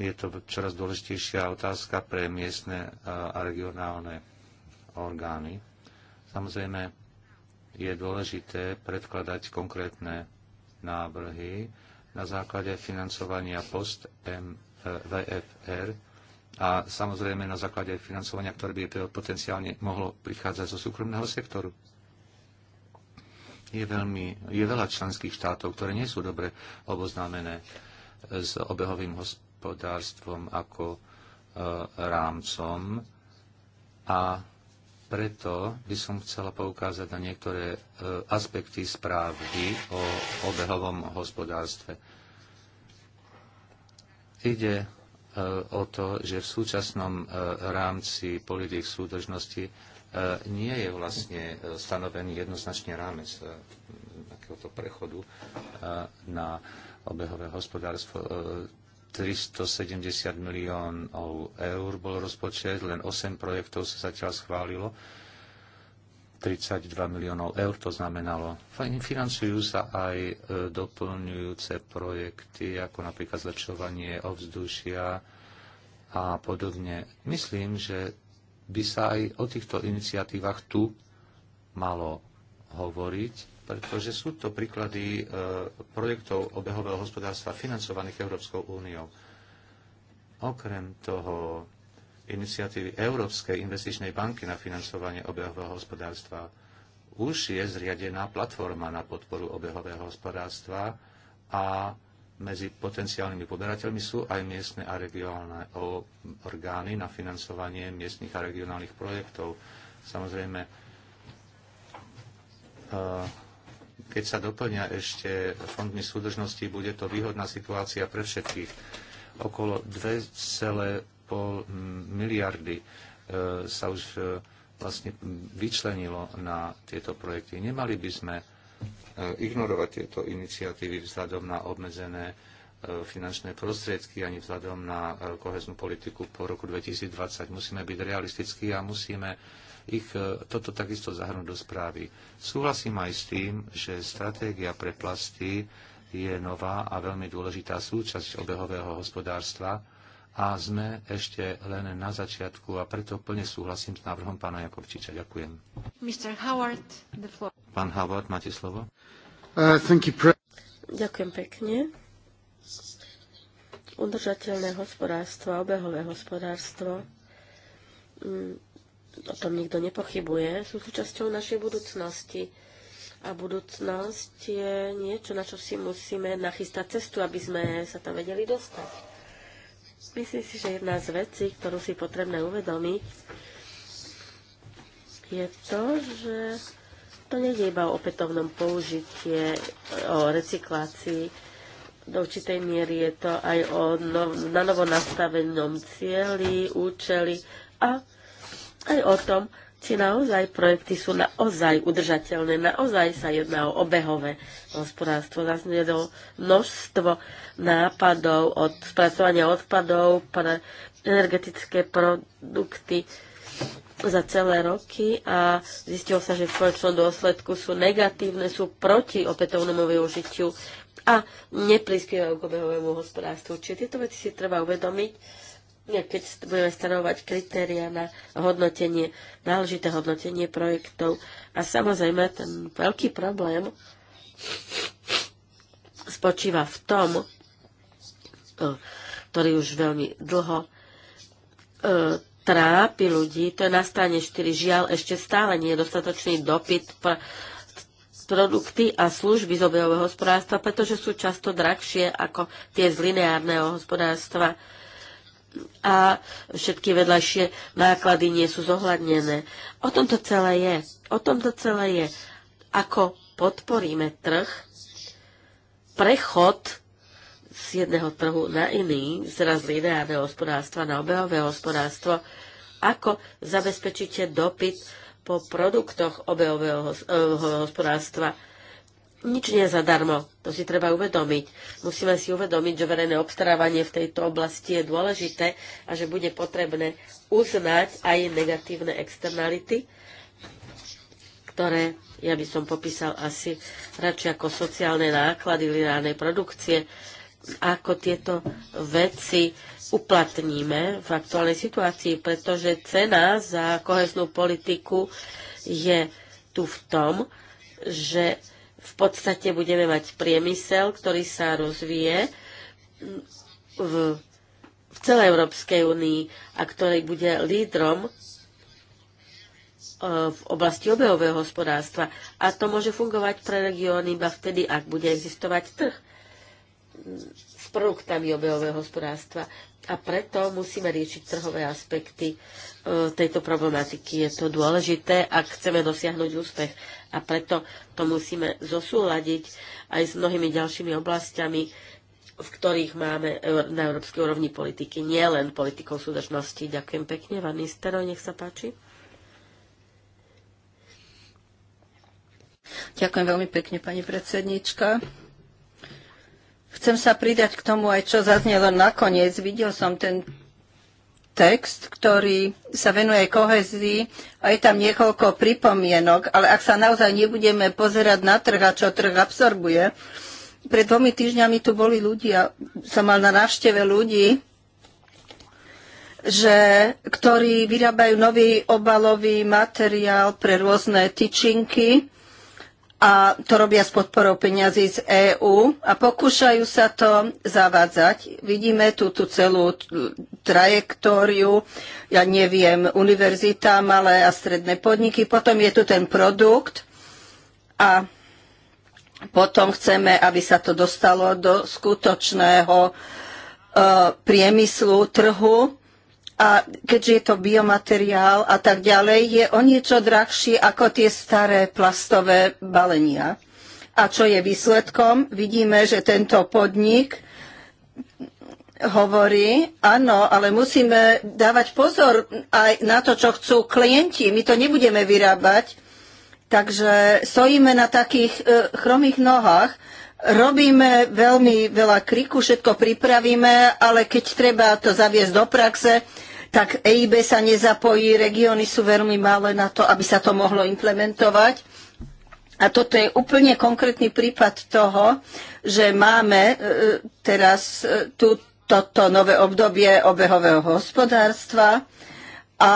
Je to čoraz dôležitejšia otázka pre miestne a regionálne orgány. Samozrejme, je dôležité predkladať konkrétne návrhy, na základe financovania post VFR a samozrejme na základe financovania, ktoré by potenciálne mohlo prichádzať zo súkromného sektoru. Je, veľmi, je veľa členských štátov, ktoré nie sú dobre oboznámené s obehovým hospodárstvom ako e, rámcom a preto by som chcela poukázať na niektoré e, aspekty správy o obehovom hospodárstve. Ide e, o to, že v súčasnom e, rámci politik súdržnosti nie je vlastne stanovený jednoznačne rámec takéhoto prechodu na obehové hospodárstvo. 370 miliónov eur bol rozpočet, len 8 projektov sa zatiaľ schválilo. 32 miliónov eur to znamenalo. Financujú sa aj e, doplňujúce projekty, ako napríklad zlepšovanie ovzdušia a podobne. Myslím, že by sa aj o týchto iniciatívach tu malo hovoriť pretože sú to príklady e, projektov obehového hospodárstva financovaných Európskou úniou. Okrem toho iniciatívy Európskej investičnej banky na financovanie obehového hospodárstva už je zriadená platforma na podporu obehového hospodárstva a medzi potenciálnymi poberateľmi sú aj miestne a regionálne orgány na financovanie miestnych a regionálnych projektov. Samozrejme, e, keď sa doplňa ešte fondmi súdržnosti, bude to výhodná situácia pre všetkých. Okolo 2,5 miliardy e, sa už e, vlastne vyčlenilo na tieto projekty. Nemali by sme e, ignorovať tieto iniciatívy vzhľadom na obmedzené finančné prostriedky ani vzhľadom na koheznú politiku po roku 2020. Musíme byť realistickí a musíme ich e, toto takisto zahrnúť do správy. Súhlasím aj s tým, že stratégia pre plasty je nová a veľmi dôležitá súčasť obehového hospodárstva a sme ešte len na začiatku a preto plne súhlasím s návrhom pána Jakovčiča. Ďakujem. Mr. Howard, the floor. Pán Howard, máte slovo. Uh, thank you, Ďakujem pekne. Udržateľné hospodárstvo, obehové hospodárstvo. Mm, o tom nikto nepochybuje, sú súčasťou našej budúcnosti. A budúcnosť je niečo, na čo si musíme nachystať cestu, aby sme sa tam vedeli dostať. Myslím si, že jedna z vecí, ktorú si potrebné uvedomiť, je to, že to nejde iba o opätovnom použitie, o recyklácii. Do určitej miery je to aj o no, na novo nastavenom cieli, účeli a aj o tom, či naozaj projekty sú naozaj udržateľné, naozaj sa jedná o obehové hospodárstvo. Zaznelo množstvo nápadov od spracovania odpadov pre energetické produkty za celé roky a zistilo sa, že v konečnom dôsledku sú negatívne, sú proti opätovnému využitiu a neprispievajú k obehovému hospodárstvu. Čiže tieto veci si treba uvedomiť keď budeme stanovať kritéria na hodnotenie, náležité hodnotenie projektov. A samozrejme, ten veľký problém spočíva v tom, e, ktorý už veľmi dlho e, trápi ľudí, to je na strane 4. Žiaľ, ešte stále nie je dostatočný dopyt pre produkty a služby z obejového hospodárstva, pretože sú často drahšie ako tie z lineárneho hospodárstva a všetky vedľajšie náklady nie sú zohľadnené. O tom to celé je. O tom to celé je. Ako podporíme trh, prechod z jedného trhu na iný, zraz lineárneho hospodárstva na obehové hospodárstvo, ako zabezpečíte dopyt po produktoch obehového eh, hospodárstva, nič nie je zadarmo. To si treba uvedomiť. Musíme si uvedomiť, že verejné obstarávanie v tejto oblasti je dôležité a že bude potrebné uznať aj negatívne externality, ktoré ja by som popísal asi radšej ako sociálne náklady lineárnej produkcie, ako tieto veci uplatníme v aktuálnej situácii, pretože cena za kohesnú politiku je tu v tom, že v podstate budeme mať priemysel, ktorý sa rozvíje v, v celej Európskej únii a ktorý bude lídrom e, v oblasti obehového hospodárstva. A to môže fungovať pre regióny iba vtedy, ak bude existovať trh produktami obehového hospodárstva. A preto musíme riešiť trhové aspekty e, tejto problematiky. Je to dôležité, ak chceme dosiahnuť úspech. A preto to musíme zosúľadiť aj s mnohými ďalšími oblastiami, v ktorých máme na európskej úrovni politiky, nielen politikou súdržnosti. Ďakujem pekne, Van Nistero, nech sa páči. Ďakujem veľmi pekne, pani predsednička. Chcem sa pridať k tomu aj, čo zaznelo nakoniec. Videl som ten text, ktorý sa venuje kohezii a je tam niekoľko pripomienok, ale ak sa naozaj nebudeme pozerať na trh a čo trh absorbuje, pred dvomi týždňami tu boli ľudia, som mal na návšteve ľudí, že, ktorí vyrábajú nový obalový materiál pre rôzne tyčinky a to robia s podporou peňazí z EÚ a pokúšajú sa to zavádzať. Vidíme tú, tú celú trajektóriu, ja neviem, univerzita, malé a stredné podniky, potom je tu ten produkt a potom chceme, aby sa to dostalo do skutočného e, priemyslu, trhu a keďže je to biomateriál a tak ďalej, je o niečo drahší ako tie staré plastové balenia. A čo je výsledkom? Vidíme, že tento podnik hovorí, áno, ale musíme dávať pozor aj na to, čo chcú klienti. My to nebudeme vyrábať. Takže stojíme na takých e, chromých nohách, robíme veľmi veľa kriku, všetko pripravíme, ale keď treba to zaviesť do praxe, tak EIB sa nezapojí, regióny sú veľmi malé na to, aby sa to mohlo implementovať. A toto je úplne konkrétny prípad toho, že máme e, teraz e, tú, toto nové obdobie obehového hospodárstva a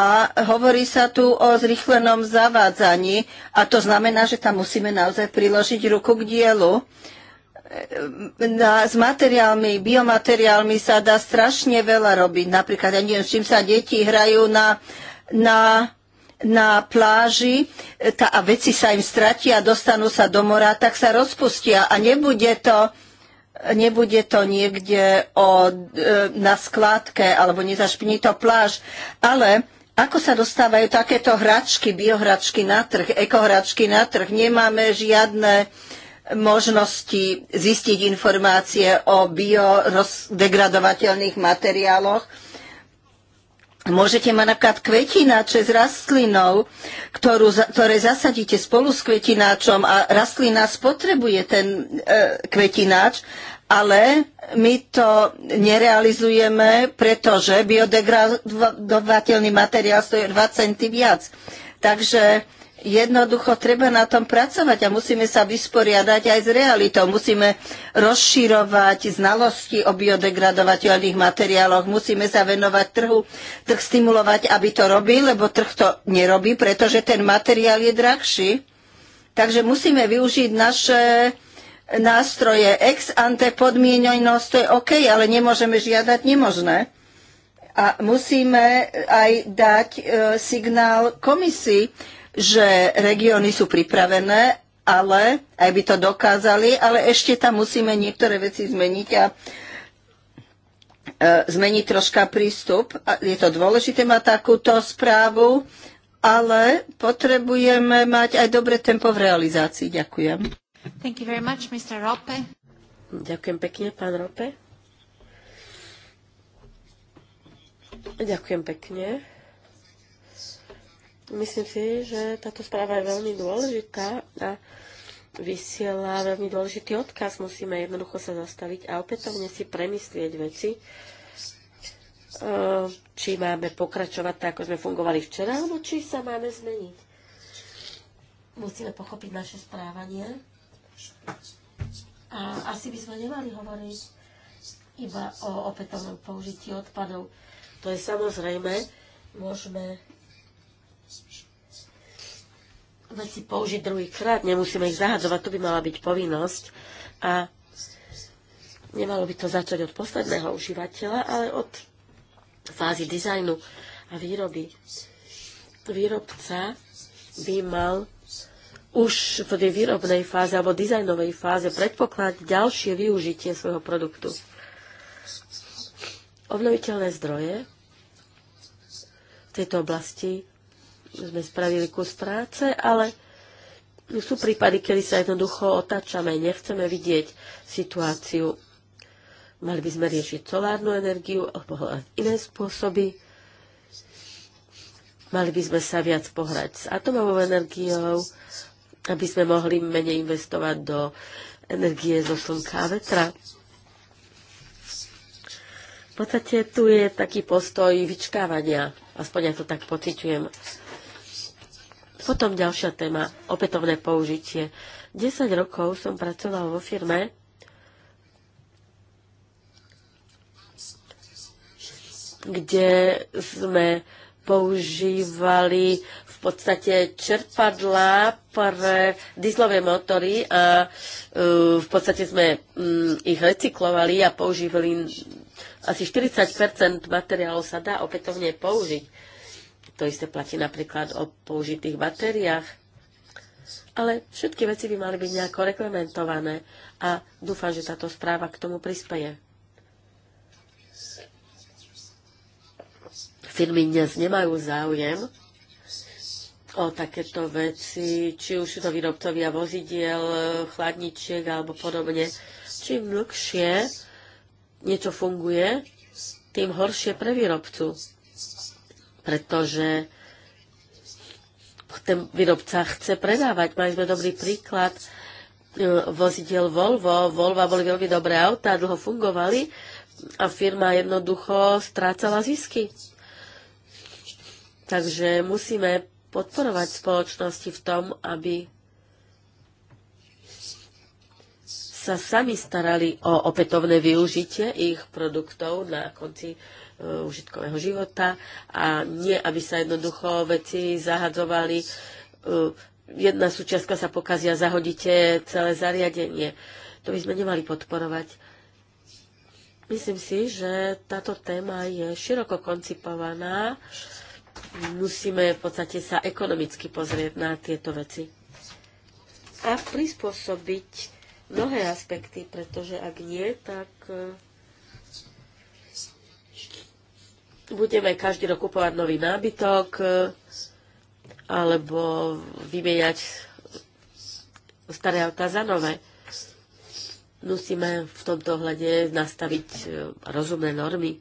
hovorí sa tu o zrýchlenom zavádzaní a to znamená, že tam musíme naozaj priložiť ruku k dielu s materiálmi, biomateriálmi sa dá strašne veľa robiť. Napríklad, ja neviem, s čím sa deti hrajú na, na, na pláži tá, a veci sa im stratia, dostanú sa do mora, tak sa rozpustia a nebude to, nebude to niekde o, e, na skládke alebo nezašpiní to pláž. Ale ako sa dostávajú takéto hračky, biohračky na trh, ekohračky na trh? Nemáme žiadne uh, možnosti zistiť informácie o biodegradovateľných materiáloch. Môžete mať napríklad kvetináče s rastlinou, ktorú, ktoré zasadíte spolu s kvetináčom a rastlina spotrebuje ten e, kvetináč, ale my to nerealizujeme, pretože biodegradovateľný materiál stojí 2 centy viac. Takže Jednoducho treba na tom pracovať a musíme sa vysporiadať aj s realitou. Musíme rozširovať znalosti o biodegradovateľných materiáloch, musíme sa venovať trhu, trh stimulovať, aby to robil, lebo trh to nerobí, pretože ten materiál je drahší. Takže musíme využiť naše nástroje ex ante podmienenosť, to je OK, ale nemôžeme žiadať nemožné. A musíme aj dať e, signál komisii, že regióny sú pripravené, ale aj by to dokázali, ale ešte tam musíme niektoré veci zmeniť a e, zmeniť troška prístup. Je to dôležité mať takúto správu, ale potrebujeme mať aj dobré tempo v realizácii. Ďakujem. Thank you very much, Mr. Rope. Ďakujem pekne, pán Rope. Ďakujem pekne. Myslím si, že táto správa je veľmi dôležitá a vysiela veľmi dôležitý odkaz. Musíme jednoducho sa zastaviť a opätovne si premyslieť veci, e, či máme pokračovať tak, ako sme fungovali včera, alebo či sa máme zmeniť. Musíme pochopiť naše správanie. A asi by sme nemali hovoriť iba o opätovnom použití odpadov. To je samozrejme, môžeme veci použiť druhýkrát, nemusíme ich zahadzovať, to by mala byť povinnosť. A nemalo by to začať od posledného užívateľa, ale od fázy dizajnu a výroby. Výrobca by mal už v tej výrobnej fáze alebo dizajnovej fáze predpokladať ďalšie využitie svojho produktu. Obnoviteľné zdroje v tejto oblasti sme spravili kus práce, ale sú prípady, kedy sa jednoducho otáčame, nechceme vidieť situáciu. Mali by sme riešiť solárnu energiu alebo iné spôsoby. Mali by sme sa viac pohrať s atomovou energiou, aby sme mohli menej investovať do energie zo slnka a vetra. V podstate tu je taký postoj vyčkávania, aspoň ja to tak pociťujem. Potom ďalšia téma, opätovné použitie. 10 rokov som pracovala vo firme, kde sme používali v podstate čerpadlá pre dieslové motory a uh, v podstate sme mm, ich recyklovali a používali asi 40 materiálu sa dá opätovne použiť. To isté platí napríklad o použitých batériách. Ale všetky veci by mali byť nejako reglementované a dúfam, že táto správa k tomu prispeje. Firmy dnes nemajú záujem o takéto veci, či už sú to výrobcovia vozidiel, chladničiek alebo podobne. Čím dlhšie niečo funguje, tým horšie pre výrobcu pretože ten výrobca chce predávať. Mali sme dobrý príklad e, vozidel Volvo. Volvo boli veľmi dobré autá, dlho fungovali a firma jednoducho strácala zisky. Takže musíme podporovať spoločnosti v tom, aby sa sami starali o opätovné využitie ich produktov na konci Eh, užitkového života a nie, aby sa jednoducho veci zahadzovali. Eh, jedna súčiastka sa pokazia a zahodíte celé zariadenie. To by sme nemali podporovať. Myslím si, že táto téma je široko koncipovaná. Musíme v podstate sa ekonomicky pozrieť na tieto veci a prispôsobiť mnohé aspekty, pretože ak nie, tak eh, budeme každý rok kupovať nový nábytok e, alebo vymieňať staré autá za nové. Musíme v tomto ohľade nastaviť e, rozumné normy.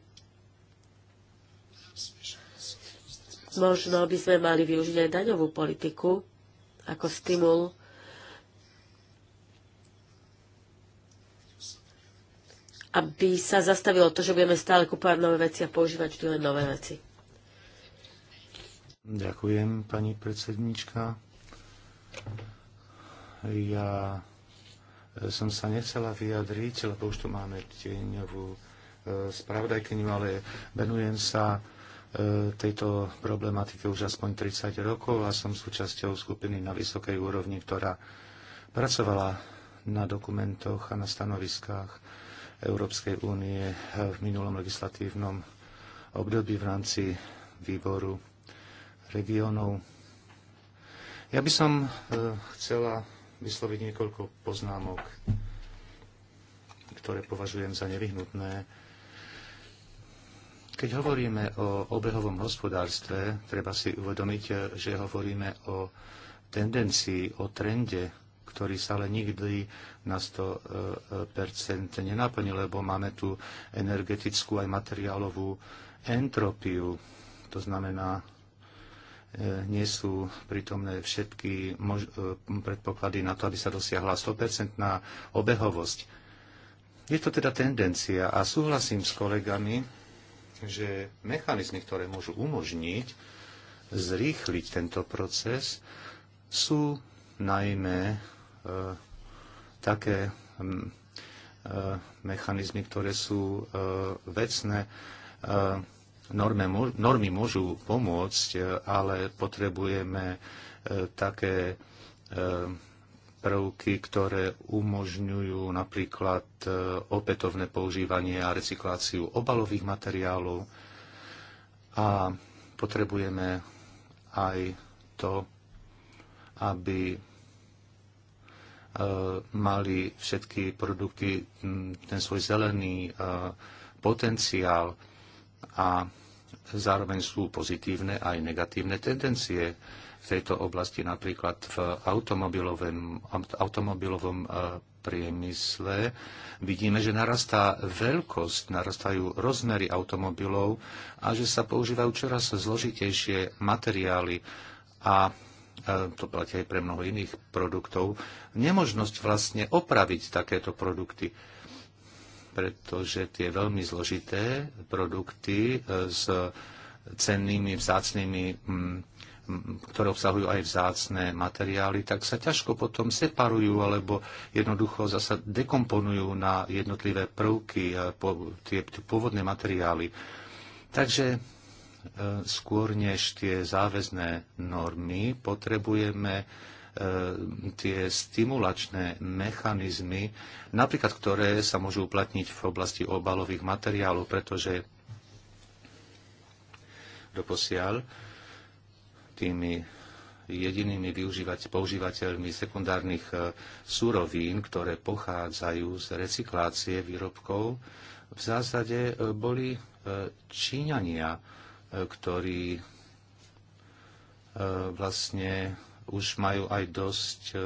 Možno by sme mali využiť aj daňovú politiku ako stimul aby sa zastavilo to, že budeme stále kupovať nové veci a používať vždy len nové veci. Ďakujem, pani predsednička. Ja e, som sa nechcela vyjadriť, lebo už tu máme tieňovú e, spravodajkyňu, ale venujem sa e, tejto problematike už aspoň 30 rokov a som súčasťou skupiny na vysokej úrovni, ktorá pracovala na dokumentoch a na stanoviskách Európskej únie v minulom legislatívnom období v rámci výboru regionov. Ja by som e, chcela vysloviť niekoľko poznámok, ktoré považujem za nevyhnutné. Keď hovoríme o obehovom hospodárstve, treba si uvedomiť, že hovoríme o tendencii, o trende ktorý sa ale nikdy na 100% e, nenaplní, lebo máme tu energetickú aj materiálovú entropiu. To znamená, e, nie sú prítomné všetky e, predpoklady na to, aby sa dosiahla 100% obehovosť. Je to teda tendencia a súhlasím s kolegami, že mechanizmy, ktoré môžu umožniť zrýchliť tento proces, sú najmä E, také hm, e, mechanizmy, ktoré sú e, vecné. Norme, normy môžu pomôcť, ale potrebujeme také prvky, ktoré umožňujú napríklad opätovné používanie a recykláciu obalových materiálov. A potrebujeme aj to, aby E, mali všetky produkty ten svoj zelený e, potenciál a zároveň sú pozitívne aj negatívne tendencie v tejto oblasti, napríklad v automobilovom, automobilovom e, priemysle vidíme, že narastá veľkosť, narastajú rozmery automobilov a že sa používajú čoraz zložitejšie materiály a to platí aj pre mnoho iných produktov, nemožnosť vlastne opraviť takéto produkty pretože tie veľmi zložité produkty e, s cennými, vzácnými, mm, mm, ktoré obsahujú aj vzácné materiály, tak sa ťažko potom separujú alebo jednoducho zasa dekomponujú na jednotlivé prvky, tie, tie pôvodné materiály. Takže skôr než tie záväzné normy potrebujeme e, tie stimulačné mechanizmy, napríklad ktoré sa môžu uplatniť v oblasti obalových materiálov, pretože doposiaľ tými jedinými používateľmi sekundárnych e, surovín, ktoré pochádzajú z recyklácie výrobkov, v zásade e, boli Číňania ktorí e, vlastne už majú aj dosť e, e,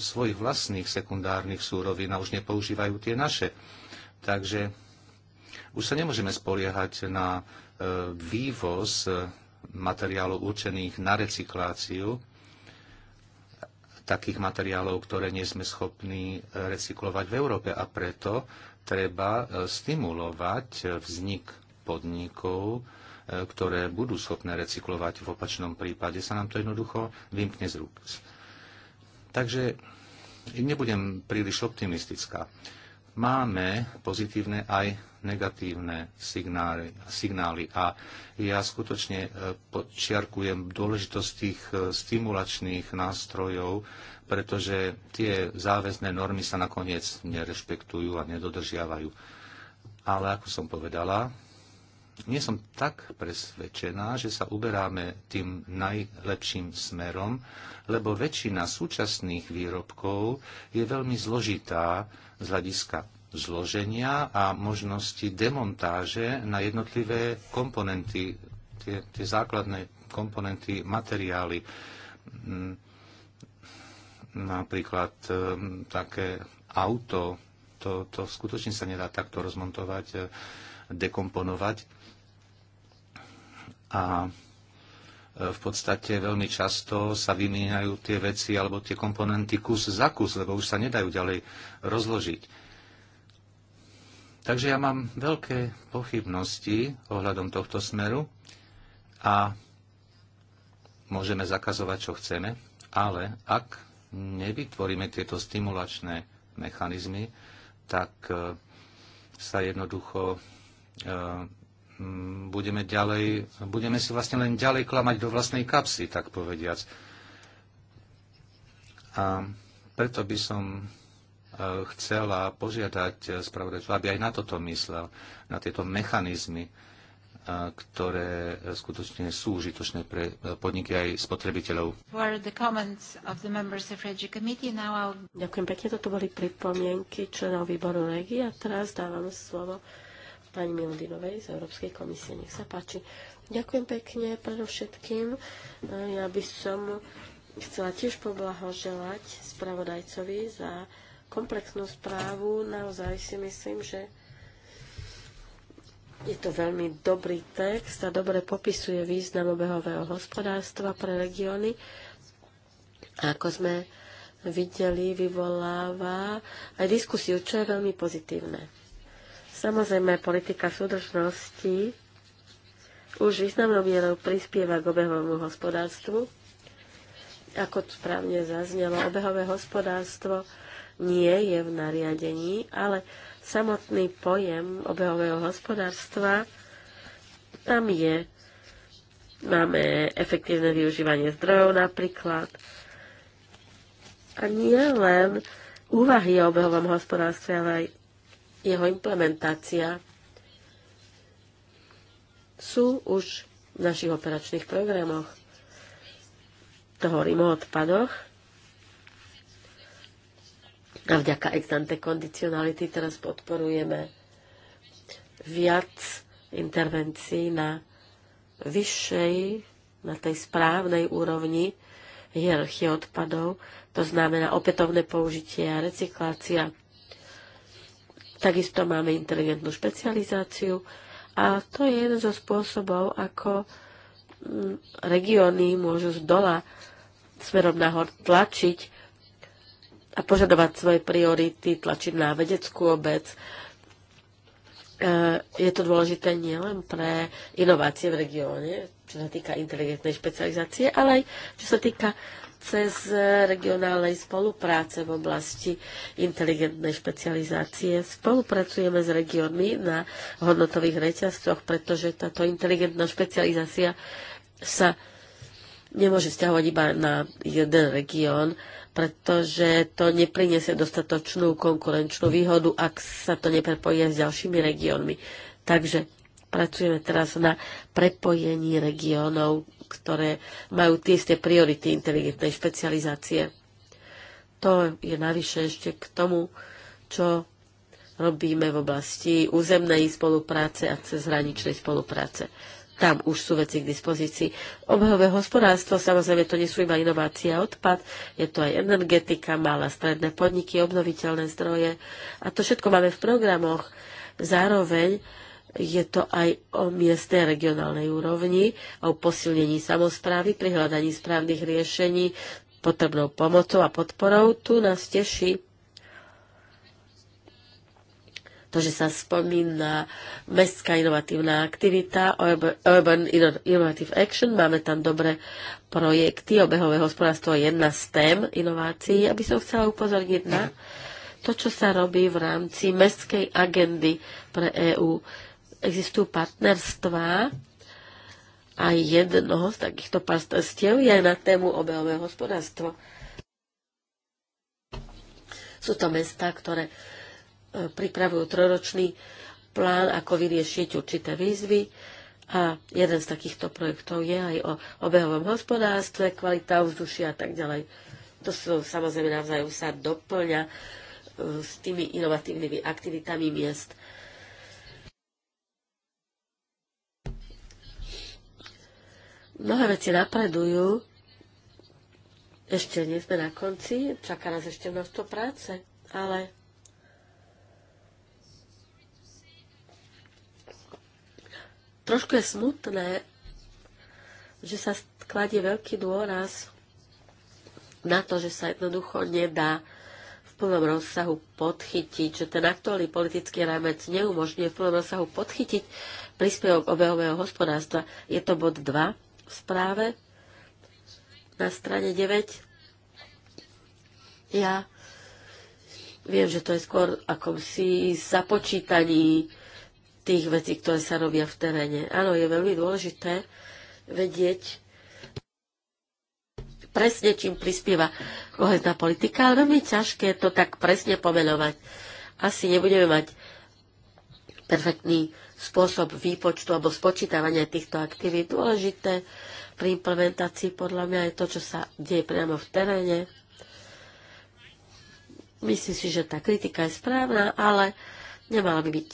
svojich vlastných sekundárnych súrovín a už nepoužívajú tie naše. Takže už sa nemôžeme spoliehať na vývoz materiálov určených na recikláciu, takých materiálov, ktoré nie sme schopní recyklovať v Európe a preto treba stimulovať vznik podnikov, e, ktoré budú schopné recyklovať. V opačnom prípade sa nám to jednoducho vymkne z rúk. Takže nebudem príliš optimistická. Máme pozitívne aj negatívne signály, signály a ja skutočne e, podčiarkujem dôležitosť tých e, stimulačných nástrojov, pretože tie záväzné normy sa nakoniec nerešpektujú a nedodržiavajú. Ale ako som povedala, nie som tak presvedčená, že sa uberáme tým najlepším smerom, lebo väčšina súčasných výrobkov je veľmi zložitá z hľadiska zloženia a možnosti demontáže na jednotlivé komponenty, tie, tie základné komponenty, materiály. Mm, napríklad ehm, také auto, to, to skutočne sa nedá takto rozmontovať, eh, dekomponovať a e, v podstate veľmi často sa vymieňajú tie veci alebo tie komponenty kus za kus, lebo už sa nedajú ďalej rozložiť. Takže ja mám veľké pochybnosti ohľadom tohto smeru a môžeme zakazovať, čo chceme, ale ak nevytvoríme tieto stimulačné mechanizmy, tak e, sa jednoducho e, Mm, budeme, ďalej, budeme si vlastne len ďalej klamať do vlastnej kapsy, tak povediac. A preto by som e, chcela požiadať e, spravodajcu, aby aj na toto myslel, na tieto mechanizmy, e, ktoré skutočne sú užitočné pre podniky aj spotrebiteľov. Ďakujem pekne, toto boli pripomienky členov výboru Regi a teraz dávam slovo pani Mildinovej z Európskej komisie. Nech sa páči. Ďakujem pekne predovšetkým. E, ja by som chcela tiež poblahoželať spravodajcovi za komplexnú správu. Naozaj si myslím, že je to veľmi dobrý text a dobre popisuje význam obehového hospodárstva pre regióny. A ako sme videli, vyvoláva aj diskusiu, čo je veľmi pozitívne. Samozrejme, politika súdržnosti už významnou mierou prispieva k obehovému hospodárstvu. Ako správne zaznelo, obehové hospodárstvo nie je v nariadení, ale samotný pojem obehového hospodárstva tam je. Máme efektívne využívanie zdrojov napríklad. A nie len úvahy o obehovom hospodárstve, ale aj jeho implementácia sú už v našich operačných programoch. To hovorím o odpadoch. A vďaka ex ante kondicionality teraz podporujeme viac intervencií na vyššej, na tej správnej úrovni hierarchie odpadov. To znamená opätovné použitie a recyklácia Takisto máme inteligentnú špecializáciu a to je jeden zo spôsobov, ako mm, regióny môžu z dola smerom nahor tlačiť a požadovať svoje priority, tlačiť na vedeckú obec. E, je to dôležité nielen pre inovácie v regióne, čo sa týka inteligentnej špecializácie, ale aj čo sa týka cez e, regionálnej spolupráce v oblasti inteligentnej špecializácie. Spolupracujeme s regiónmi na hodnotových reťazcoch, pretože táto inteligentná špecializácia sa nemôže stiahovať iba na jeden región, pretože to nepriniesie dostatočnú konkurenčnú výhodu, ak sa to neprepojí s ďalšími regiónmi. Takže Pracujeme teraz na prepojení regiónov, ktoré majú tie isté priority inteligentnej špecializácie. To je navyše ešte k tomu, čo robíme v oblasti územnej spolupráce a cezhraničnej spolupráce tam už sú veci k dispozícii. Obehové hospodárstvo, samozrejme, to nie sú iba inovácia a odpad, je to aj energetika, malé stredné podniky, obnoviteľné zdroje a to všetko máme v programoch. Zároveň je to aj o miestnej regionálnej úrovni, o posilnení samozprávy pri hľadaní správnych riešení potrebnou pomocou a podporou. Tu nás teší to, že sa spomína mestská inovatívna aktivita, Urban Innovative Action. Máme tam dobré projekty, obehové hospodárstvo je jedna z tém inovácií. Aby som chcela upozorniť na to, čo sa robí v rámci mestskej agendy pre EÚ existujú partnerstvá a jedno z takýchto partnerstiev je na tému obehové hospodárstvo. Sú to mesta, ktoré e, pripravujú troročný plán, ako vyriešiť určité výzvy. A jeden z takýchto projektov je aj o obehovom hospodárstve, kvalita vzdušia a tak ďalej. To sú samozrejme navzájom sa doplňa e, s tými inovatívnymi aktivitami miest. Mnohé veci napredujú. Ešte nie sme na konci, čaká nás ešte množstvo práce, ale trošku je smutné, že sa kladie veľký dôraz na to, že sa jednoducho nedá v plnom rozsahu podchytiť, že ten aktuálny politický rámec neumožňuje v plnom rozsahu podchytiť príspevok obehového hospodárstva. Je to bod 2 správe na strane 9. Ja viem, že to je skôr ako si započítaní tých vecí, ktoré sa robia v teréne. Áno, je veľmi dôležité vedieť presne, čím prispieva kohezná politika, ale veľmi ťažké to tak presne pomenovať. Asi nebudeme mať perfektný spôsob výpočtu alebo spočítavania týchto aktivít. Dôležité pri implementácii podľa mňa je to, čo sa deje priamo v teréne. Myslím si, že tá kritika je správna, ale nemala by byť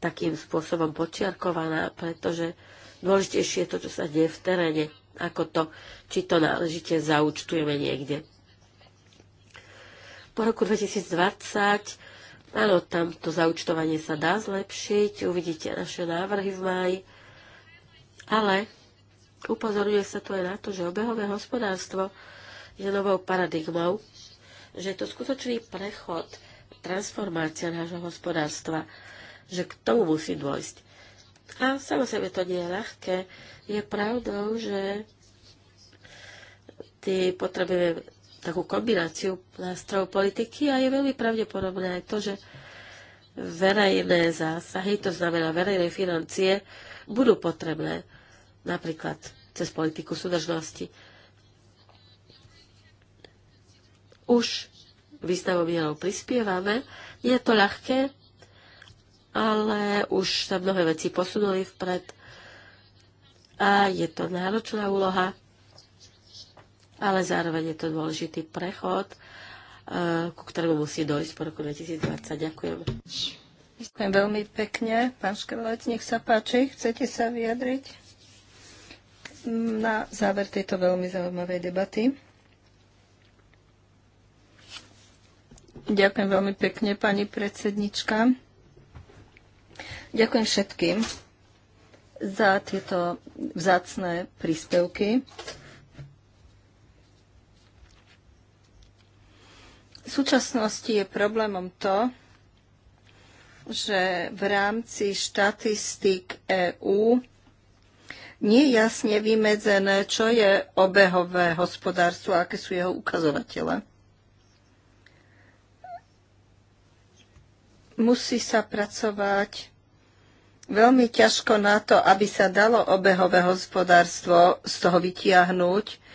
takým spôsobom počiarkovaná, pretože dôležitejšie je to, čo sa deje v teréne, ako to, či to náležite zaúčtujeme niekde. Po roku 2020 Áno, tam to zaučtovanie sa dá zlepšiť, uvidíte naše návrhy v máji, ale upozorňuje sa tu aj na to, že obehové hospodárstvo je novou paradigmou, že je to skutočný prechod, transformácia nášho hospodárstva, že k tomu musí dôjsť. A samozrejme to nie je ľahké. Je pravdou, že ty potrebujeme takú kombináciu nástrojov politiky a je veľmi pravdepodobné aj to, že verejné zásahy, to znamená verejné financie, budú potrebné napríklad cez politiku súdržnosti. Už výstavou mierou prispievame. Nie je to ľahké, ale už sa mnohé veci posunuli vpred a je to náročná úloha ale zároveň je to dôležitý prechod, eh, ku ktorému musí dojsť po roku 2020. Ďakujem. Ďakujem veľmi pekne. Pán Škrlec, nech sa páči. Chcete sa vyjadriť? Na záver tejto veľmi zaujímavej debaty. Ďakujem veľmi pekne, pani predsednička. Ďakujem všetkým za tieto vzácné príspevky. V súčasnosti je problémom to, že v rámci štatistik EÚ nie je jasne vymedzené, čo je obehové hospodárstvo a aké sú jeho ukazovatele. Musí sa pracovať veľmi ťažko na to, aby sa dalo obehové hospodárstvo z toho vytiahnuť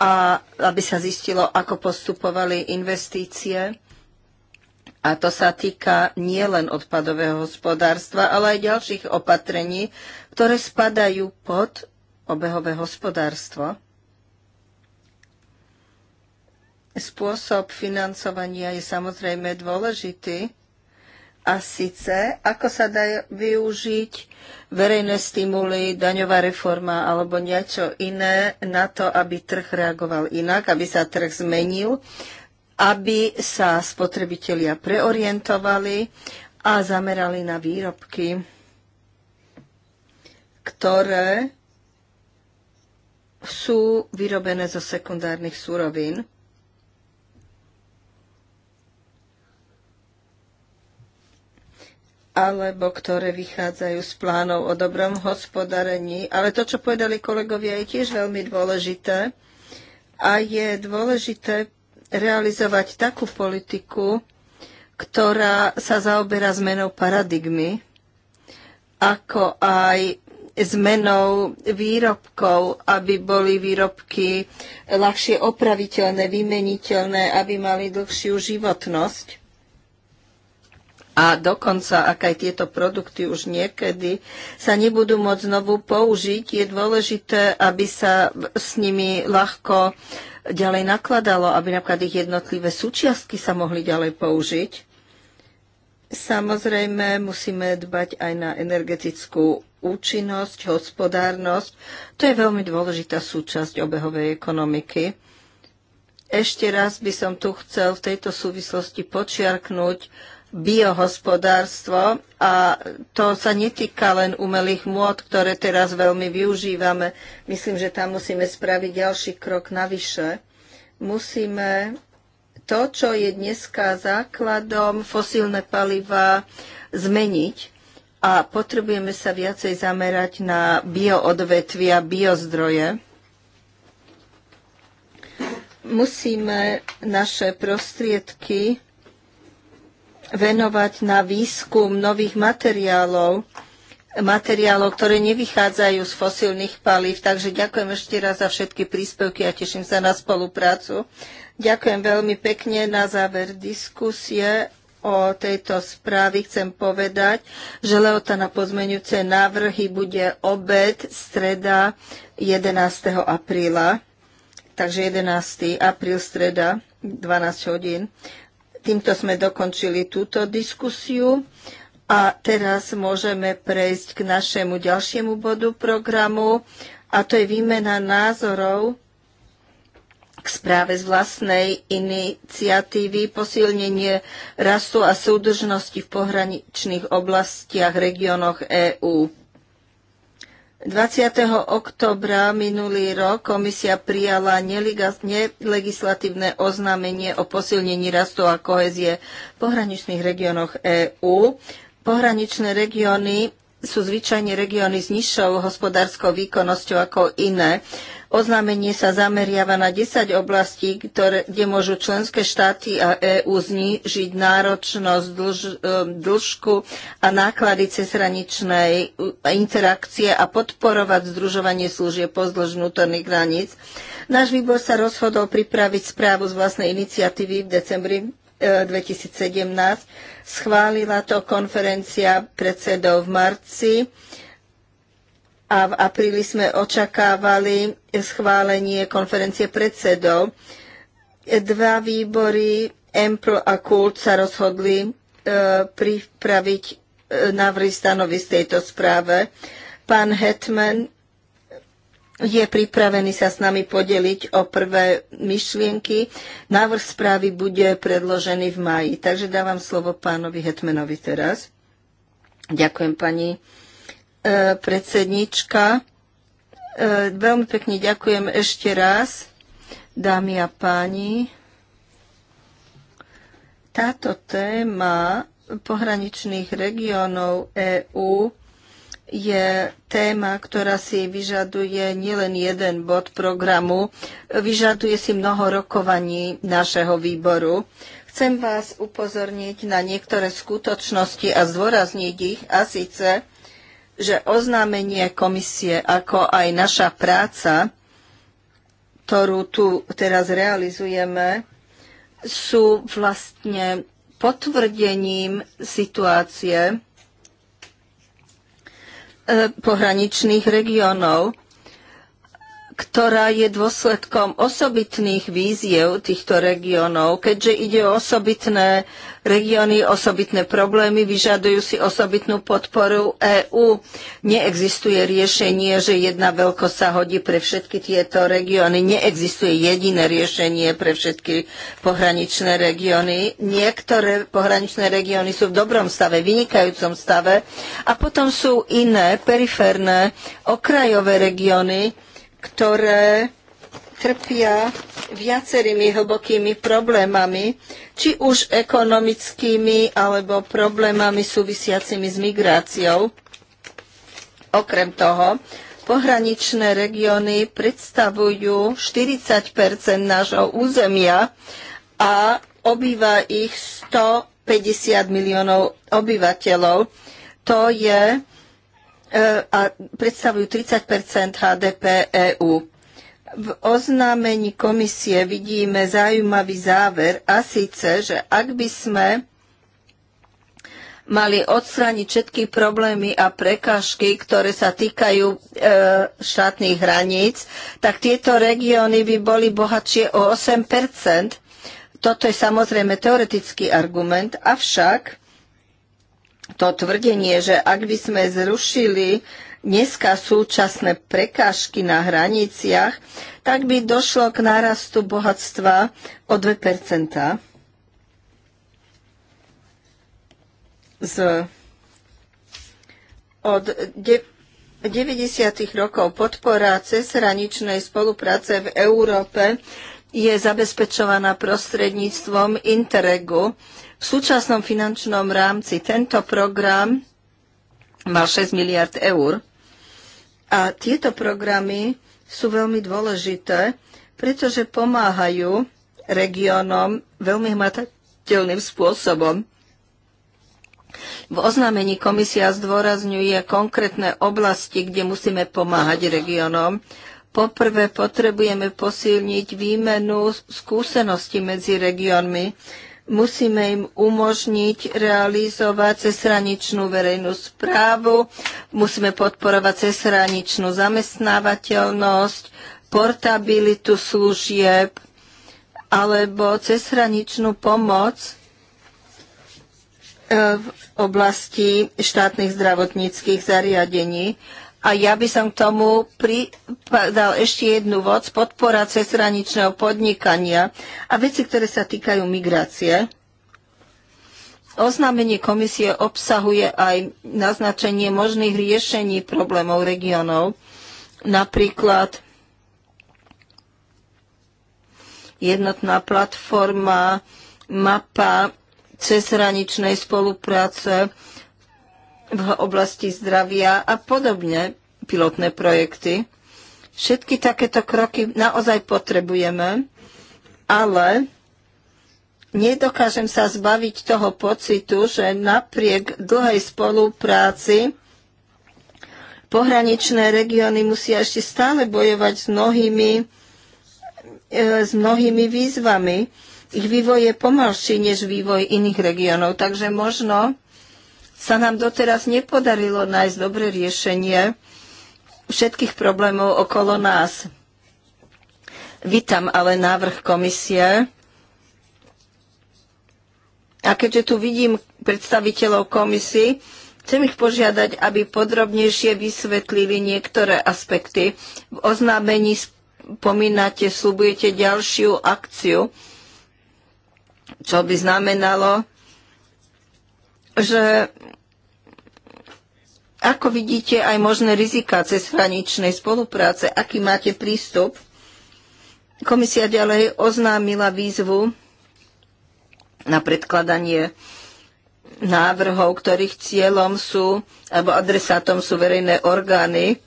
a aby sa zistilo, ako postupovali investície. A to sa týka nielen odpadového hospodárstva, ale aj ďalších opatrení, ktoré spadajú pod obehové hospodárstvo. Spôsob financovania je samozrejme dôležitý, a síce, ako sa dá využiť verejné stimuly, daňová reforma alebo niečo iné na to, aby trh reagoval inak, aby sa trh zmenil, aby sa spotrebitelia preorientovali a zamerali na výrobky, ktoré sú vyrobené zo sekundárnych surovín alebo ktoré vychádzajú z plánov o dobrom hospodárení. Ale to, čo povedali kolegovia, je tiež veľmi dôležité. A je dôležité realizovať takú politiku, ktorá sa zaoberá zmenou paradigmy, ako aj zmenou výrobkov, aby boli výrobky ľahšie opraviteľné, vymeniteľné, aby mali dlhšiu životnosť a dokonca, ak aj tieto produkty už niekedy sa nebudú môcť znovu použiť, je dôležité, aby sa s nimi ľahko ďalej nakladalo, aby napríklad ich jednotlivé súčiastky sa mohli ďalej použiť. Samozrejme, musíme dbať aj na energetickú účinnosť, hospodárnosť. To je veľmi dôležitá súčasť obehovej ekonomiky. Ešte raz by som tu chcel v tejto súvislosti počiarknúť, biohospodárstvo a to sa netýka len umelých môd, ktoré teraz veľmi využívame. Myslím, že tam musíme spraviť ďalší krok navyše. Musíme to, čo je dneska základom fosílne paliva, zmeniť a potrebujeme sa viacej zamerať na bioodvetvia, biozdroje. Musíme naše prostriedky venovať na výskum nových materiálov, materiálov, ktoré nevychádzajú z fosílnych palív. Takže ďakujem ešte raz za všetky príspevky a teším sa na spoluprácu. Ďakujem veľmi pekne na záver diskusie o tejto správy. Chcem povedať, že leota na pozmenujúce návrhy bude obed streda 11. apríla. Takže 11. apríl streda 12 hodín. Týmto sme dokončili túto diskusiu a teraz môžeme prejsť k našemu ďalšiemu bodu programu a to je výmena názorov k správe z vlastnej iniciatívy posilnenie rastu a súdržnosti v pohraničných oblastiach, regiónoch EÚ. 20. oktobra minulý rok komisia prijala nelegislatívne oznámenie o posilnení rastu a kohezie v pohraničných regiónoch EÚ. Pohraničné regióny sú zvyčajne regióny s nižšou hospodárskou výkonnosťou ako iné. Oznámenie sa zameriava na 10 oblastí, ktoré, kde môžu členské štáty a EÚ znižiť náročnosť, dlž, e, dlžku a náklady cezhraničnej interakcie a podporovať združovanie služieb pozdĺž vnútorných hraníc. Náš výbor sa rozhodol pripraviť správu z vlastnej iniciatívy v decembri 2017. Schválila to konferencia predsedov v marci a v apríli sme očakávali schválenie konferencie predsedov. Dva výbory, EMPL a KULT, sa rozhodli e, pripraviť e, návrhy z tejto správe. Pán Hetman je pripravený sa s nami podeliť o prvé myšlienky. Návrh správy bude predložený v maji. Takže dávam slovo pánovi Hetmenovi teraz. Ďakujem pani e, predsednička. E, veľmi pekne ďakujem ešte raz, dámy a páni. Táto téma pohraničných regiónov EÚ je téma, ktorá si vyžaduje nielen jeden bod programu, vyžaduje si mnoho rokovaní našeho výboru. Chcem vás upozorniť na niektoré skutočnosti a zdôrazniť ich, a síce, že oznámenie komisie, ako aj naša práca, ktorú tu teraz realizujeme, sú vlastne potvrdením situácie, E, pohraničných regiónov ktorá je dôsledkom osobitných víziev týchto regiónov. Keďže ide o osobitné regióny, osobitné problémy, vyžadujú si osobitnú podporu EÚ. Neexistuje riešenie, že jedna veľkosť sa hodí pre všetky tieto regióny. Neexistuje jediné riešenie pre všetky pohraničné regióny. Niektoré pohraničné regióny sú v dobrom stave, vynikajúcom stave a potom sú iné, periférne, okrajové regióny, ktoré trpia viacerými hlbokými problémami, či už ekonomickými alebo problémami súvisiacimi s migráciou. Okrem toho, pohraničné regióny predstavujú 40 nášho územia a obýva ich 150 miliónov obyvateľov. To je E, a predstavujú 30 HDP EÚ. V oznámení komisie vidíme zaujímavý záver a síce, že ak by sme mali odstrániť všetky problémy a prekážky, ktoré sa týkajú e, štátnych hraníc, tak tieto regióny by boli bohatšie o 8 Toto je samozrejme teoretický argument, avšak to tvrdenie, že ak by sme zrušili dneska súčasné prekážky na hraniciach, tak by došlo k nárastu bohatstva o 2 z od 90. rokov podpora cezhraničnej spolupráce v Európe je zabezpečovaná prostredníctvom Interregu v súčasnom finančnom rámci tento program mal 6 miliard eur a tieto programy sú veľmi dôležité, pretože pomáhajú regiónom veľmi hmatateľným spôsobom. V oznámení komisia zdôrazňuje konkrétne oblasti, kde musíme pomáhať regiónom. Poprvé potrebujeme posilniť výmenu skúseností medzi regiónmi. Musíme im umožniť realizovať cezhraničnú verejnú správu, musíme podporovať cezhraničnú zamestnávateľnosť, portabilitu služieb alebo cezhraničnú pomoc e, v oblasti štátnych zdravotníckých zariadení a ja by som k tomu pridal ešte jednu voc, podpora cezhraničného podnikania a veci, ktoré sa týkajú migrácie. Oznámenie komisie obsahuje aj naznačenie možných riešení problémov regionov, napríklad jednotná platforma, mapa cezhraničnej spolupráce, v oblasti zdravia a podobne, pilotné projekty. Všetky takéto kroky naozaj potrebujeme, ale nedokážem sa zbaviť toho pocitu, že napriek dlhej spolupráci pohraničné regióny musia ešte stále bojovať s mnohými, e, s mnohými výzvami. Ich vývoj je pomalší než vývoj iných regiónov, takže možno sa nám doteraz nepodarilo nájsť dobré riešenie všetkých problémov okolo nás. Vítam ale návrh komisie. A keďže tu vidím predstaviteľov komisie, chcem ich požiadať, aby podrobnejšie vysvetlili niektoré aspekty. V oznámení spomínate, slubujete ďalšiu akciu, čo by znamenalo, že ako vidíte aj možné rizika hraničnej spolupráce, aký máte prístup. Komisia ďalej oznámila výzvu na predkladanie návrhov, ktorých cieľom sú, alebo adresátom sú verejné orgány,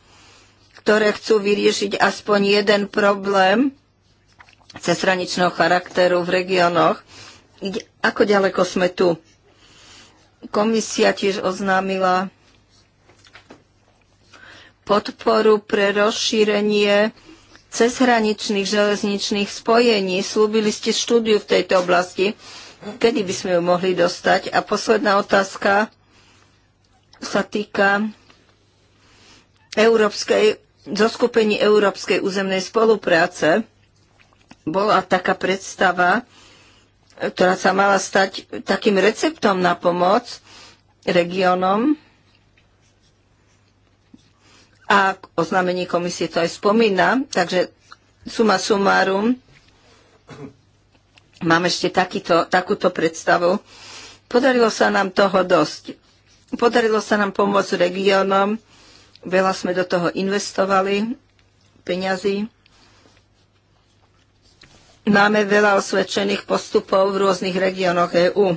ktoré chcú vyriešiť aspoň jeden problém cezhraničného charakteru v regiónoch. Ako ďaleko sme tu? Komisia tiež oznámila podporu pre rozšírenie cezhraničných železničných spojení. Slúbili ste štúdiu v tejto oblasti. Kedy by sme ju mohli dostať? A posledná otázka sa týka európskej, zoskupení Európskej územnej spolupráce. Bola taká predstava, ktorá sa mala stať takým receptom na pomoc regiónom. A oznámenie komisie to aj spomína, takže suma sumárum mám ešte takýto, takúto predstavu. Podarilo sa nám toho dosť. Podarilo sa nám pomôcť regiónom, veľa sme do toho investovali, peňazí. Máme veľa osvedčených postupov v rôznych regiónoch EÚ.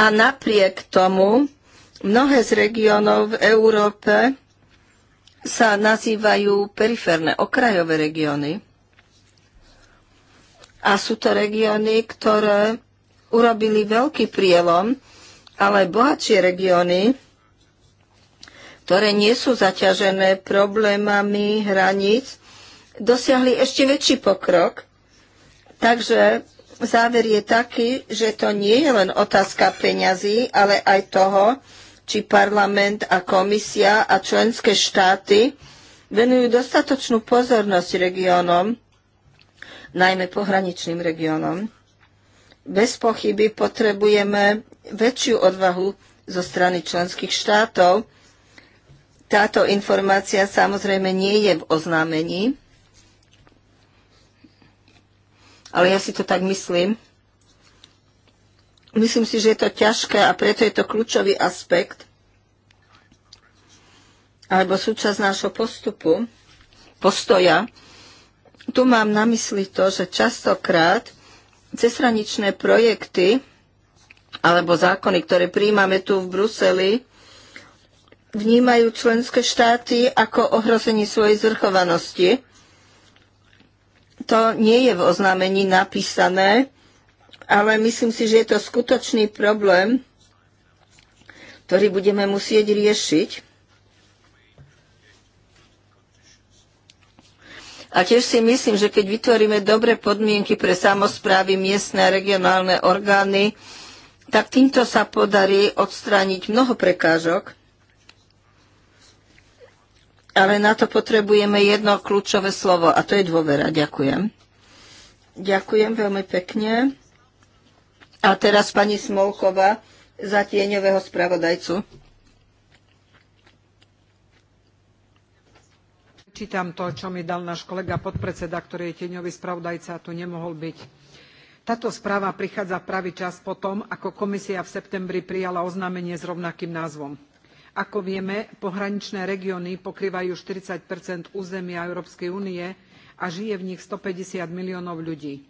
A napriek tomu mnohé z regiónov v Európe sa nazývajú periférne, okrajové regióny. A sú to regióny, ktoré urobili veľký prielom, ale bohatšie regióny, ktoré nie sú zaťažené problémami hraníc, dosiahli ešte väčší pokrok. Takže záver je taký, že to nie je len otázka peňazí, ale aj toho, či parlament a komisia a členské štáty venujú dostatočnú pozornosť regiónom, najmä pohraničným regiónom. Bez pochyby potrebujeme väčšiu odvahu zo strany členských štátov. Táto informácia samozrejme nie je v oznámení, ale ja si to tak myslím. Myslím si, že je to ťažké a preto je to kľúčový aspekt alebo súčasť nášho postupu, postoja. Tu mám na mysli to, že častokrát cesraničné projekty alebo zákony, ktoré príjmame tu v Bruseli, vnímajú členské štáty ako ohrozenie svojej zrchovanosti. To nie je v oznámení napísané, ale myslím si, že je to skutočný problém, ktorý budeme musieť riešiť. A tiež si myslím, že keď vytvoríme dobré podmienky pre samozprávy, miestne a regionálne orgány, tak týmto sa podarí odstrániť mnoho prekážok ale na to potrebujeme jedno kľúčové slovo a to je dôvera. Ďakujem. Ďakujem veľmi pekne. A teraz pani Smolková za tieňového spravodajcu. Čítam to, čo mi dal náš kolega podpredseda, ktorý je tieňový spravodajca a tu nemohol byť. Táto správa prichádza pravý čas potom, ako komisia v septembri prijala oznámenie s rovnakým názvom ako vieme, pohraničné regióny pokrývajú forty územia Európskej únie a žije v nich fifty miliónov ľudí.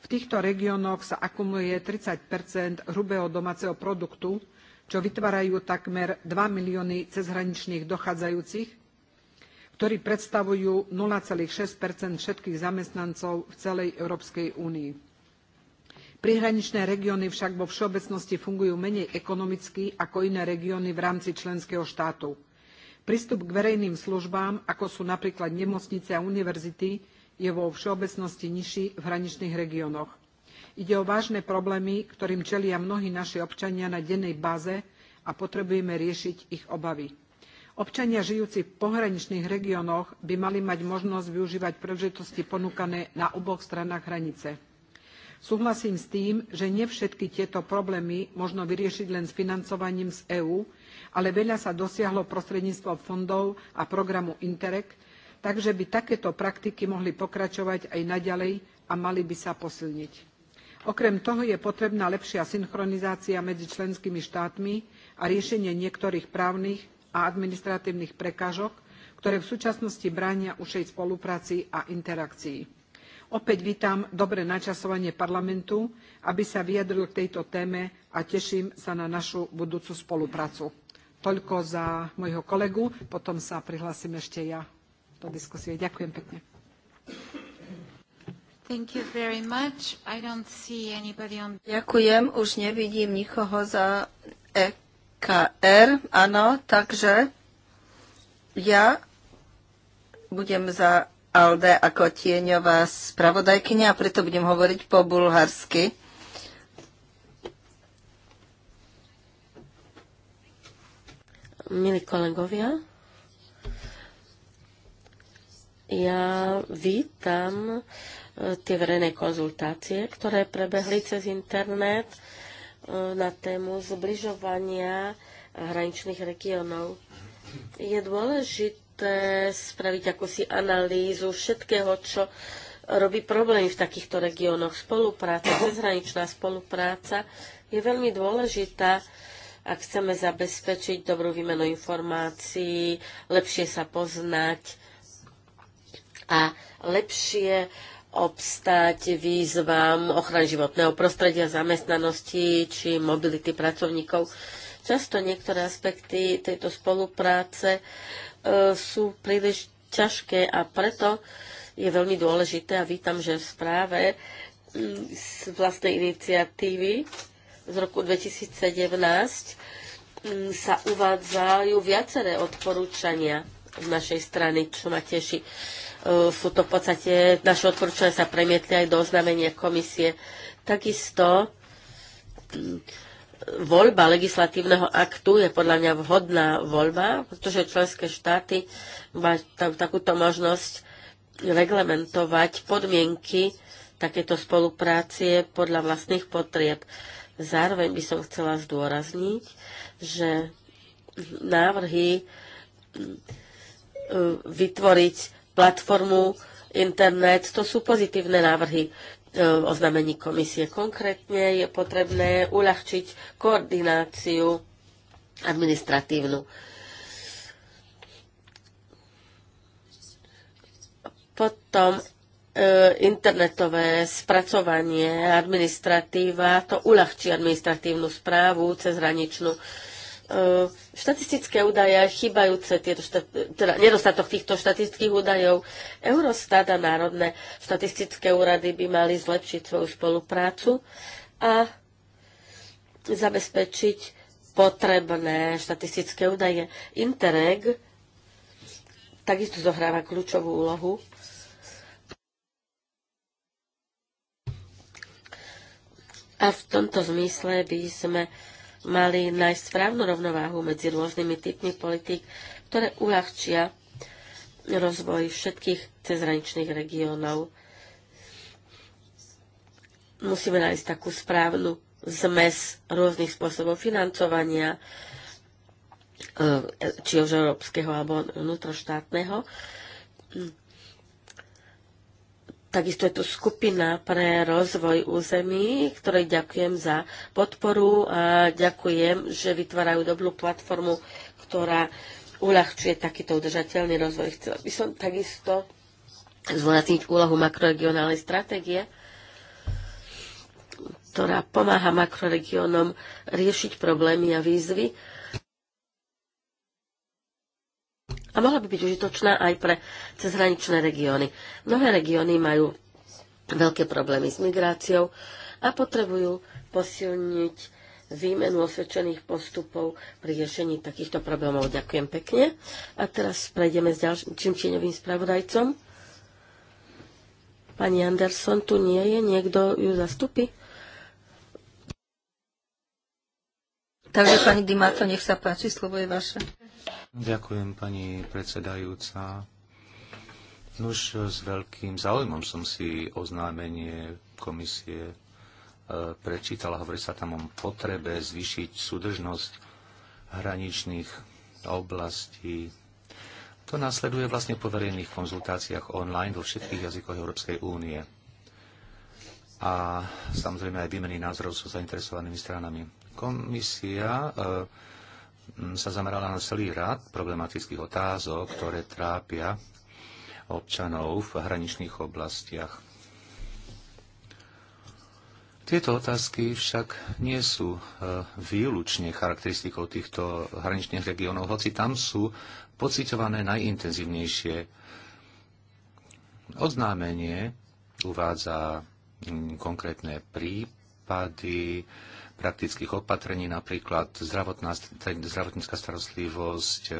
V týchto regiónoch sa akumuluje thirty hrubého domáceho produktu, čo vytvárajú takmer two milióny cezhraničných dochádzajúcich, ktorí predstavujú six všetkých zamestnancov v celej Európskej únii Prihraničné regióny však vo všeobecnosti fungujú menej ekonomicky ako iné regióny v rámci členského štátu. Prístup k verejným službám, ako sú napríklad nemocnice a univerzity, je vo všeobecnosti nižší v hraničných regiónoch. Ide o vážne problémy, ktorým čelia mnohí naši občania na dennej báze a potrebujeme riešiť ich obavy. Občania žijúci v pohraničných regiónoch by mali mať možnosť využívať príležitosti ponúkané na oboch stranách hranice. Súhlasím s tým, že nevšetky tieto problémy možno vyriešiť len s financovaním z EÚ, ale veľa sa dosiahlo prostredníctvom fondov a programu Interreg, takže by takéto praktiky mohli pokračovať aj naďalej a mali by sa posilniť. Okrem toho je potrebná lepšia synchronizácia medzi členskými štátmi a riešenie niektorých právnych a administratívnych prekážok, ktoré v súčasnosti bránia ušej spolupráci a interakcii Opäť vítam dobré načasovanie parlamentu, aby sa vyjadril k tejto téme a teším sa na našu budúcu spoluprácu. Toľko za môjho kolegu, potom sa prihlásim ešte ja do diskusie. Ďakujem pekne. Ďakujem, už nevidím nikoho za EKR. Áno, takže ja budem za Alde ako tieňová spravodajkynia a preto budem hovoriť po bulharsky. Milí kolegovia, ja vítam e, tie verejné konzultácie, ktoré prebehli cez internet e, na tému zbližovania hraničných regiónov. Je dôležité, dôležité spraviť akúsi analýzu všetkého, čo robí problémy v takýchto regiónoch. Spolupráca, cezhraničná spolupráca je veľmi dôležitá, ak chceme zabezpečiť dobrú výmenu informácií, lepšie sa poznať a lepšie obstáť výzvam ochrany životného prostredia, zamestnanosti či mobility pracovníkov. Často niektoré aspekty tejto spolupráce sú príliš ťažké a preto je veľmi dôležité a vítam, že v správe mm, z vlastnej iniciatívy z roku 2017 mm, sa uvádzajú viaceré odporúčania z našej strany, čo ma teší. E, sú to v podstate, naše odporúčania sa premietli aj do oznámenia komisie. Takisto mm, voľba legislatívneho aktu je podľa mňa vhodná voľba, pretože členské štáty má tam takúto možnosť reglementovať podmienky takéto spoluprácie podľa vlastných potrieb. Zároveň by som chcela zdôrazniť, že návrhy e, vytvoriť platformu internet, to sú pozitívne návrhy. E, oznámení komisie. Konkrétne je potrebné uľahčiť koordináciu administratívnu. Potom e, internetové spracovanie, administratíva, to uľahčí administratívnu správu cez hraničnú E, štatistické údaje, chýbajúce tieto štat- teda nedostatok týchto štatistických údajov. Eurostat a národné štatistické úrady by mali zlepšiť svoju spoluprácu a zabezpečiť potrebné štatistické údaje. Interreg takisto zohráva kľúčovú úlohu A v tomto zmysle by sme mali nájsť správnu rovnováhu medzi rôznymi typmi politik, ktoré uľahčia rozvoj všetkých cezraničných regiónov. Musíme nájsť takú správnu zmes rôznych spôsobov financovania, e, či už európskeho alebo vnútroštátneho. Takisto je tu skupina pre rozvoj území, ktorej ďakujem za podporu a ďakujem, že vytvárajú dobrú platformu, ktorá uľahčuje takýto udržateľný rozvoj. Chcela by som takisto zvládniť úlohu makroregionálnej stratégie, ktorá pomáha makroregiónom riešiť problémy a výzvy a mohla by byť užitočná aj pre cezhraničné regióny. Mnohé regióny majú veľké problémy s migráciou a potrebujú posilniť výmenu osvedčených postupov pri riešení takýchto problémov. Ďakujem pekne. A teraz prejdeme s ďalším čiňovým spravodajcom. Pani Anderson tu nie je, niekto ju zastupí? Takže pani Dimato, nech sa páči, slovo je vaše. Ďakujem, pani predsedajúca. Už s veľkým záujmom som si oznámenie komisie e, prečítala. Hovorí sa tam o potrebe zvýšiť súdržnosť hraničných oblastí. To následuje vlastne po verejných konzultáciách online vo všetkých jazykoch Európskej únie. A samozrejme aj výmeny názorov so zainteresovanými stranami. Komisia e, Mm, sa zamerala na celý rád problematických otázok, ktoré trápia občanov v hraničných oblastiach. Tieto otázky však nie sú e, výlučne charakteristikou týchto hraničných regiónov, hoci tam sú pociťované najintenzívnejšie. Oznámenie uvádza mm, konkrétne prípady, praktických opatrení, napríklad zdravotnícka starostlivosť, e,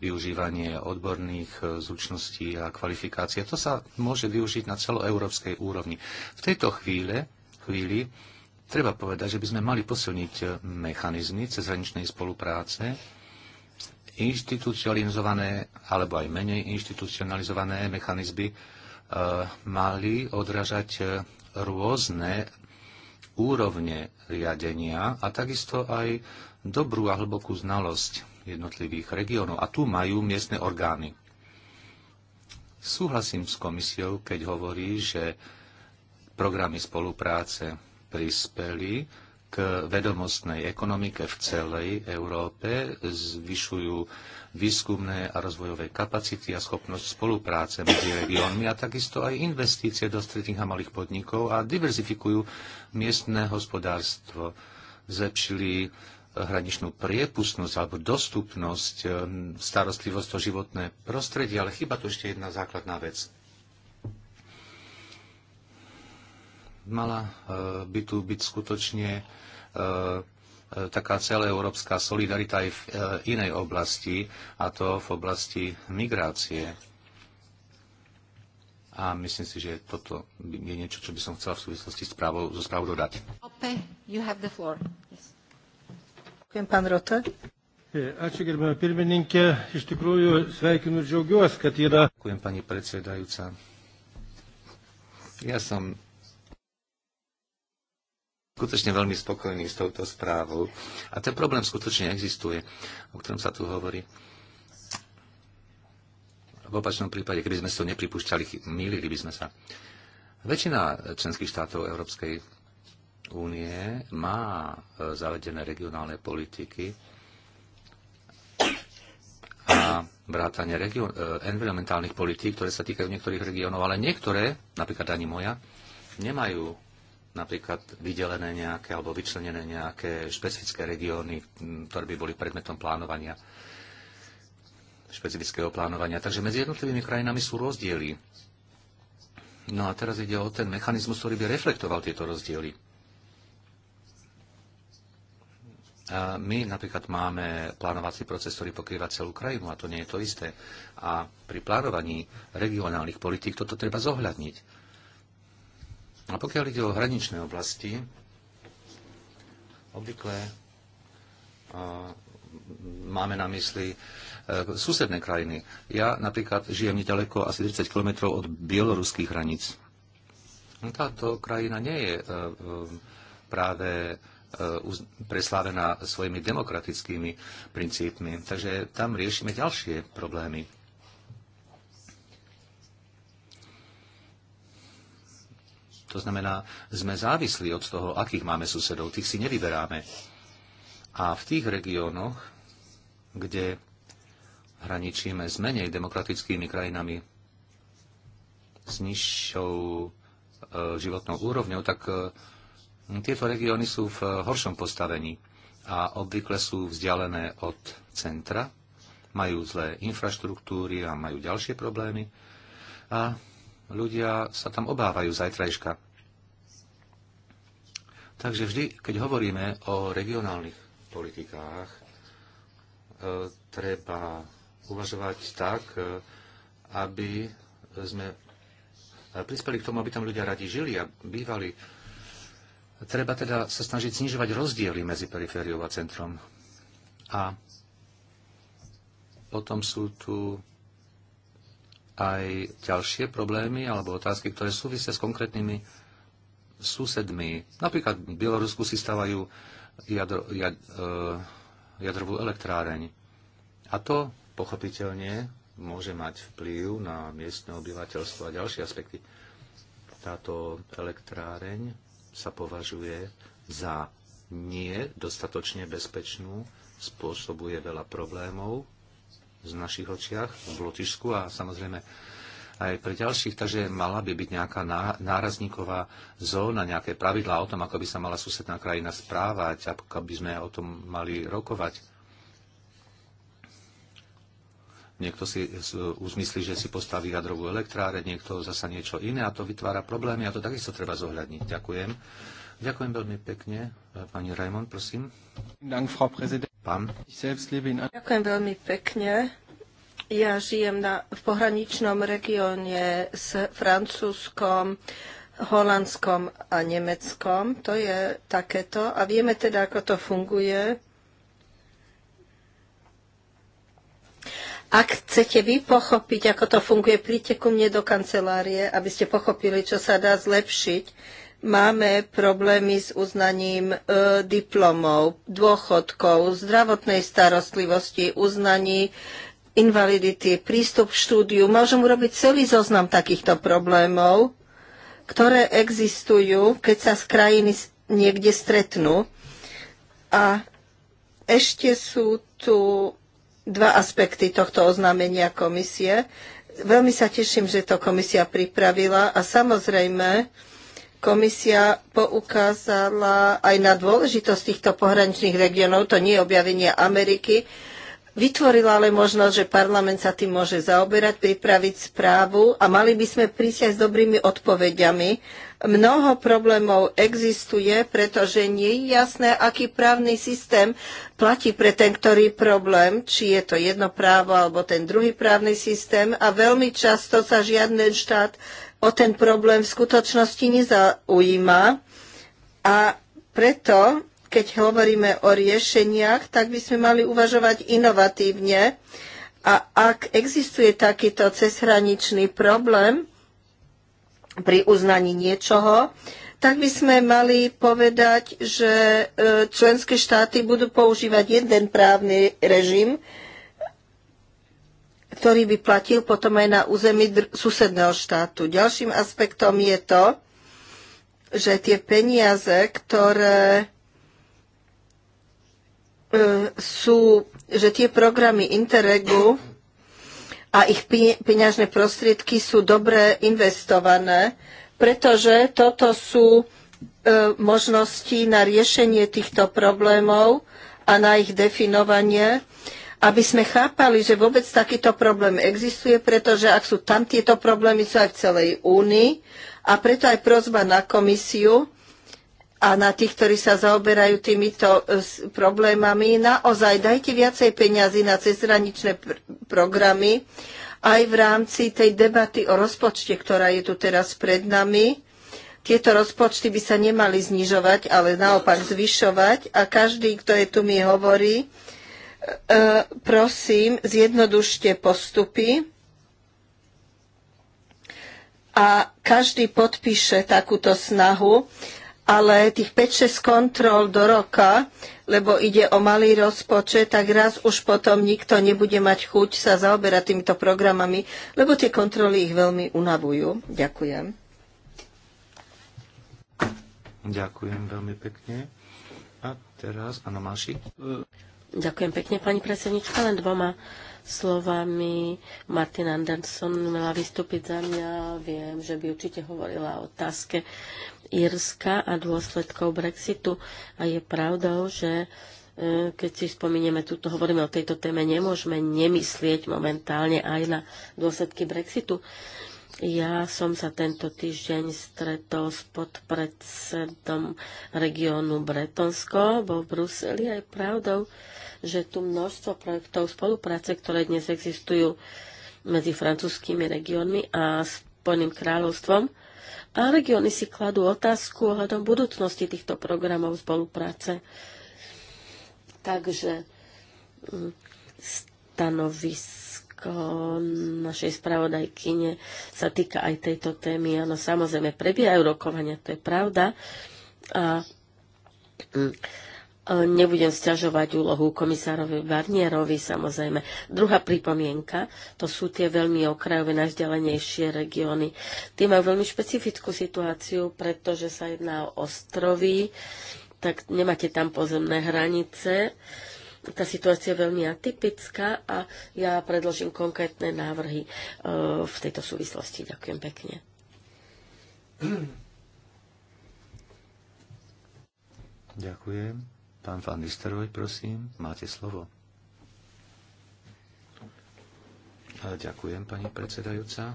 využívanie odborných e, zručností a kvalifikácie. To sa môže využiť na celoeurópskej úrovni. V tejto chvíle, chvíli treba povedať, že by sme mali posilniť e, mechanizmy cezhraničnej spolupráce, inštitucionalizované alebo aj menej inštitucionalizované mechanizmy mali odražať rôzne úrovne riadenia a takisto aj dobrú a hlbokú znalosť jednotlivých regiónov. A tu majú miestne orgány. Súhlasím s komisiou, keď hovorí, že programy spolupráce prispeli k vedomostnej ekonomike v celej Európe, zvyšujú výskumné a rozvojové kapacity a schopnosť spolupráce medzi regiónmi a takisto aj investície do stredných a malých podnikov a diverzifikujú miestne hospodárstvo. Zlepšili eh, hraničnú priepustnosť alebo dostupnosť, eh, starostlivosť o životné prostredie, ale chyba tu ešte jedna základná vec. Mala eh, by tu byť skutočne E, taká celoeurópska solidarita aj v e, inej oblasti, a to v oblasti migrácie. A myslím si, že toto je niečo, čo by som chcela v súvislosti s právou, so správou dodať. Ďakujem, pán Rote. Ďakujem, pani predsedajúca. Ja som skutočne veľmi spokojní s touto správou. A ten problém skutočne existuje, o ktorom sa tu hovorí. V opačnom prípade, keby sme si to nepripúšťali, mýlili by sme sa. Väčšina členských štátov Európskej únie má e, zavedené regionálne politiky a vrátanie region, e, environmentálnych politík, ktoré sa týkajú niektorých regiónov, ale niektoré, napríklad ani moja, nemajú napríklad vydelené nejaké alebo vyčlenené nejaké špecifické regióny, ktoré by boli predmetom plánovania, špecifického plánovania. Takže medzi jednotlivými krajinami sú rozdiely. No a teraz ide o ten mechanizmus, ktorý by reflektoval tieto rozdiely. A my napríklad máme plánovací proces, ktorý pokrýva celú krajinu a to nie je to isté. A pri plánovaní regionálnych politík toto treba zohľadniť. A pokiaľ ide o hraničné oblasti, obvykle máme na mysli e, susedné krajiny. Ja napríklad žijem nedaleko asi 30 kilometrov od bieloruských hraníc. No, táto krajina nie je e, e, práve preslávená svojimi demokratickými princípmi. Takže tam riešime ďalšie problémy. To znamená, sme závislí od toho, akých máme susedov. Tých si nevyberáme. A v tých regiónoch, kde hraničíme s menej demokratickými krajinami, s nižšou e, životnou úrovňou, tak e, tieto regióny sú v horšom postavení a obvykle sú vzdialené od centra, majú zlé infraštruktúry a majú ďalšie problémy. A ľudia sa tam obávajú zajtrajška. Takže vždy, keď hovoríme o regionálnych politikách, e, treba uvažovať tak, e, aby sme prispeli k tomu, aby tam ľudia radi žili a bývali. Treba teda sa snažiť znižovať rozdiely medzi perifériou a centrom. A potom sú tu aj ďalšie problémy alebo otázky, ktoré súvisia s konkrétnymi susedmi. Napríklad v Bielorusku si stavajú jadro, jad, e, jadrovú elektráreň. A to pochopiteľne môže mať vplyv na miestne obyvateľstvo a ďalšie aspekty. Táto elektráreň sa považuje za nie dostatočne bezpečnú, spôsobuje veľa problémov z našich očiach v Lotyšsku a samozrejme aj pre ďalších, takže mala by byť nejaká nárazníková zóna, nejaké pravidlá o tom, ako by sa mala susedná krajina správať, ako by sme o tom mali rokovať. Niekto si uzmyslí, že si postaví jadrovú elektráre, niekto zasa niečo iné a to vytvára problémy a to takisto treba zohľadniť. Ďakujem. Ďakujem veľmi pekne. Pani Raimond, prosím. Pán. Ďakujem veľmi pekne. Ja žijem na, v pohraničnom regióne s Francúzskom, Holandskom a Nemeckom. To je takéto. A vieme teda, ako to funguje. Ak chcete vy pochopiť, ako to funguje, príďte ku mne do kancelárie, aby ste pochopili, čo sa dá zlepšiť. Máme problémy s uznaním e, diplomov, dôchodkov, zdravotnej starostlivosti, uznaní invalidity, prístup k štúdiu. Môžem urobiť celý zoznam takýchto problémov, ktoré existujú, keď sa z krajiny niekde stretnú. A ešte sú tu dva aspekty tohto oznámenia komisie. Veľmi sa teším, že to komisia pripravila a samozrejme, Komisia poukázala aj na dôležitosť týchto pohraničných regiónov, to nie je objavenie Ameriky. Vytvorila ale možnosť, že parlament sa tým môže zaoberať, pripraviť správu a mali by sme prísť aj s dobrými odpovediami. Mnoho problémov existuje, pretože nie je jasné, aký právny systém platí pre ten ktorý problém, či je to jedno právo alebo ten druhý právny systém a veľmi často sa žiadny štát o ten problém v skutočnosti nezaujíma. A preto, keď hovoríme o riešeniach, tak by sme mali uvažovať inovatívne. A ak existuje takýto cezhraničný problém pri uznaní niečoho, tak by sme mali povedať, že e, členské štáty budú používať jeden právny režim, ktorý by platil potom aj na území susedného štátu. Ďalším aspektom je to, že tie peniaze, ktoré e, sú, že tie programy Interregu a ich peňažné prostriedky sú dobre investované, pretože toto sú e, možnosti na riešenie týchto problémov a na ich definovanie aby sme chápali, že vôbec takýto problém existuje, pretože ak sú tam tieto problémy, sú aj v celej únii a preto aj prozba na komisiu a na tých, ktorí sa zaoberajú týmito e, problémami, naozaj dajte viacej peňazí na cezhraničné pr- programy aj v rámci tej debaty o rozpočte, ktorá je tu teraz pred nami. Tieto rozpočty by sa nemali znižovať, ale naopak zvyšovať a každý, kto je tu mi hovorí, E, prosím, zjednodušte postupy a každý podpíše takúto snahu, ale tých 5-6 kontrol do roka, lebo ide o malý rozpočet, tak raz už potom nikto nebude mať chuť sa zaoberať týmito programami, lebo tie kontroly ich veľmi unavujú. Ďakujem. Ďakujem veľmi pekne. A teraz, pána Máši. Ďakujem pekne, pani predsednička. Len dvoma slovami. Martin Anderson mala vystúpiť za mňa. Viem, že by určite hovorila o otázke Irska a dôsledkov Brexitu. A je pravdou, že e, keď si spomíneme túto, hovoríme o tejto téme, nemôžeme nemyslieť momentálne aj na dôsledky Brexitu. Ja som sa tento týždeň stretol s podpredsedom regiónu Bretonsko, bol v Bruseli a je pravdou, že tu množstvo projektov spolupráce, ktoré dnes existujú medzi francúzskými regiónmi a Spojeným kráľovstvom, a regióny si kladú otázku ohľadom budúcnosti týchto programov spolupráce. Takže mm, stanovisko ako eh, našej spravodajkyne sa týka aj tejto témy. Áno, samozrejme, prebiehajú rokovania, to je pravda. A, mm, eh, Nebudem stiažovať úlohu komisárovi Varnierovi, samozrejme. Druhá pripomienka, to sú tie veľmi okrajové, najvzdialenejšie regióny. Tie majú veľmi špecifickú situáciu, pretože sa jedná o ostrovy, tak nemáte tam pozemné hranice. Uh, tá situácia je veľmi atypická a ja predložím konkrétne návrhy e, v tejto súvislosti. Ďakujem pekne. Ďakujem. Pán Van Nistelrooy, prosím, máte slovo. A ďakujem, pani predsedajúca.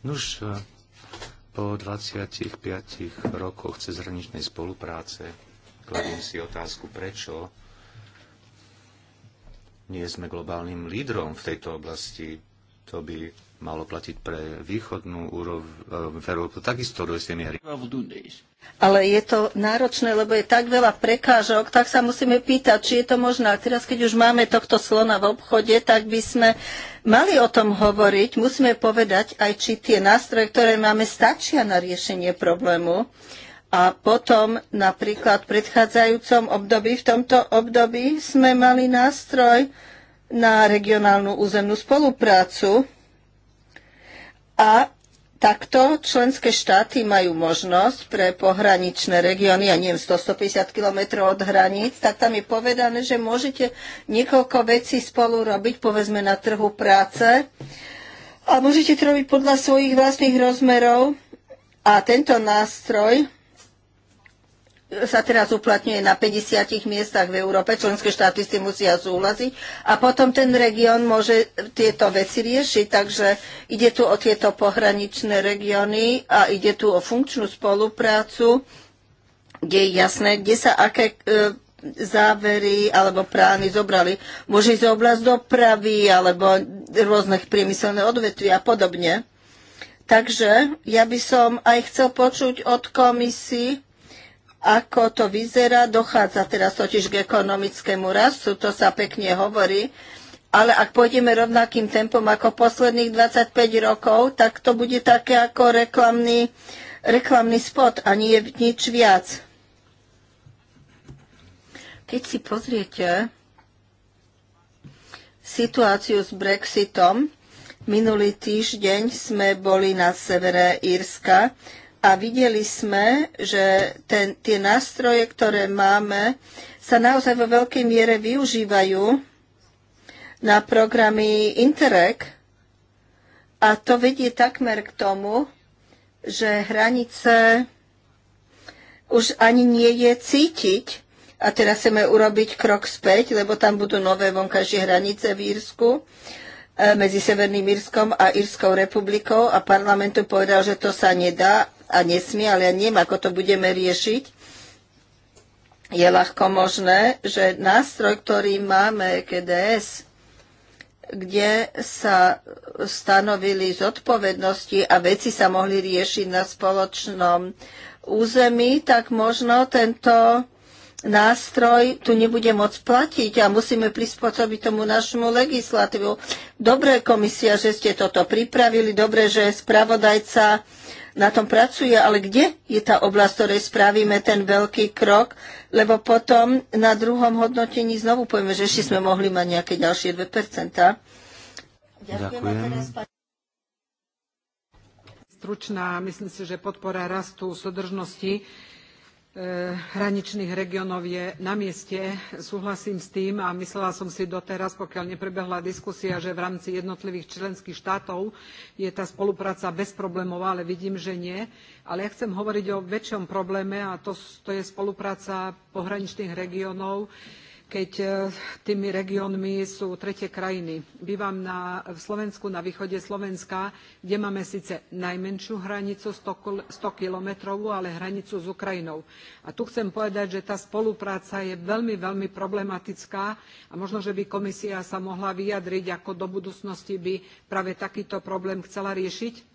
Nuž, po 25 rokoch cezhraničnej spolupráce kladím si otázku, prečo nie sme globálnym lídrom v tejto oblasti. To by malo platiť pre východnú Európu takisto do istej miery. Ale je to náročné, lebo je tak veľa prekážok, tak sa musíme pýtať, či je to možné. A teraz, keď už máme tohto slona v obchode, tak by sme mali o tom hovoriť. Musíme povedať aj, či tie nástroje, ktoré máme, stačia na riešenie problému. A potom napríklad v predchádzajúcom období, v tomto období sme mali nástroj, na regionálnu územnú spoluprácu. A Takto členské štáty majú možnosť pre pohraničné regióny, ja neviem, 150 kilometrov od hraníc, tak tam je povedané, že môžete niekoľko vecí spolu robiť, povedzme na trhu práce, a môžete to robiť podľa svojich vlastných rozmerov. A tento nástroj sa teraz uplatňuje na 50 miestach v Európe, členské štáty si musia súhlasiť a potom ten región môže tieto veci riešiť. Takže ide tu o tieto pohraničné regióny a ide tu o funkčnú spoluprácu, kde je jasné, kde sa aké e, závery alebo prány zobrali. Môže ísť oblasť dopravy alebo rôznych priemyselné odvetví a podobne. Takže ja by som aj chcel počuť od komisii, ako to vyzerá, dochádza teraz totiž k ekonomickému rastu, to sa pekne hovorí, ale ak pôjdeme rovnakým tempom ako posledných 25 rokov, tak to bude také ako reklamný, reklamný spot a nie nič viac. Keď si pozriete situáciu s Brexitom, minulý týždeň sme boli na severe Írska a videli sme, že ten, tie nástroje, ktoré máme, sa naozaj vo veľkej miere využívajú na programy Interreg. A to vedie takmer k tomu, že hranice už ani nie je cítiť. A teraz chceme urobiť krok späť, lebo tam budú nové vonkajšie hranice v Írsku e, medzi Severným Írskom a Írskou republikou a parlamentu povedal, že to sa nedá a nesmie, ale ja neviem, ako to budeme riešiť. Je ľahko možné, že nástroj, ktorý máme KDS, e kde sa stanovili zodpovednosti a veci sa mohli riešiť na spoločnom území, tak možno tento nástroj tu nebude môcť platiť a musíme prispôsobiť tomu našemu legislatívu. Dobré komisia, že ste toto pripravili, dobré, že spravodajca na tom pracuje, ale kde je tá oblasť, ktorej spravíme ten veľký krok, lebo potom na druhom hodnotení znovu povieme, že ešte sme mohli mať nejaké ďalšie 2%. Ďakujem. Ďakujem. Stručná, myslím si, že podpora rastu súdržnosti E, hraničných regiónov je na mieste. Súhlasím s tým a myslela som si doteraz, pokiaľ neprebehla diskusia, že v rámci jednotlivých členských štátov je tá spolupráca bezproblémová, ale vidím, že nie. Ale ja chcem hovoriť o väčšom probléme a to, to je spolupráca pohraničných regiónov keď e, tými regiónmi sú tretie krajiny. Bývam na, v Slovensku, na východe Slovenska, kde máme síce najmenšiu hranicu 100, 100 kilometrovú, ale hranicu s Ukrajinou. A tu chcem povedať, že tá spolupráca je veľmi, veľmi problematická a možno, že by komisia sa mohla vyjadriť, ako do budúcnosti by práve takýto problém chcela riešiť,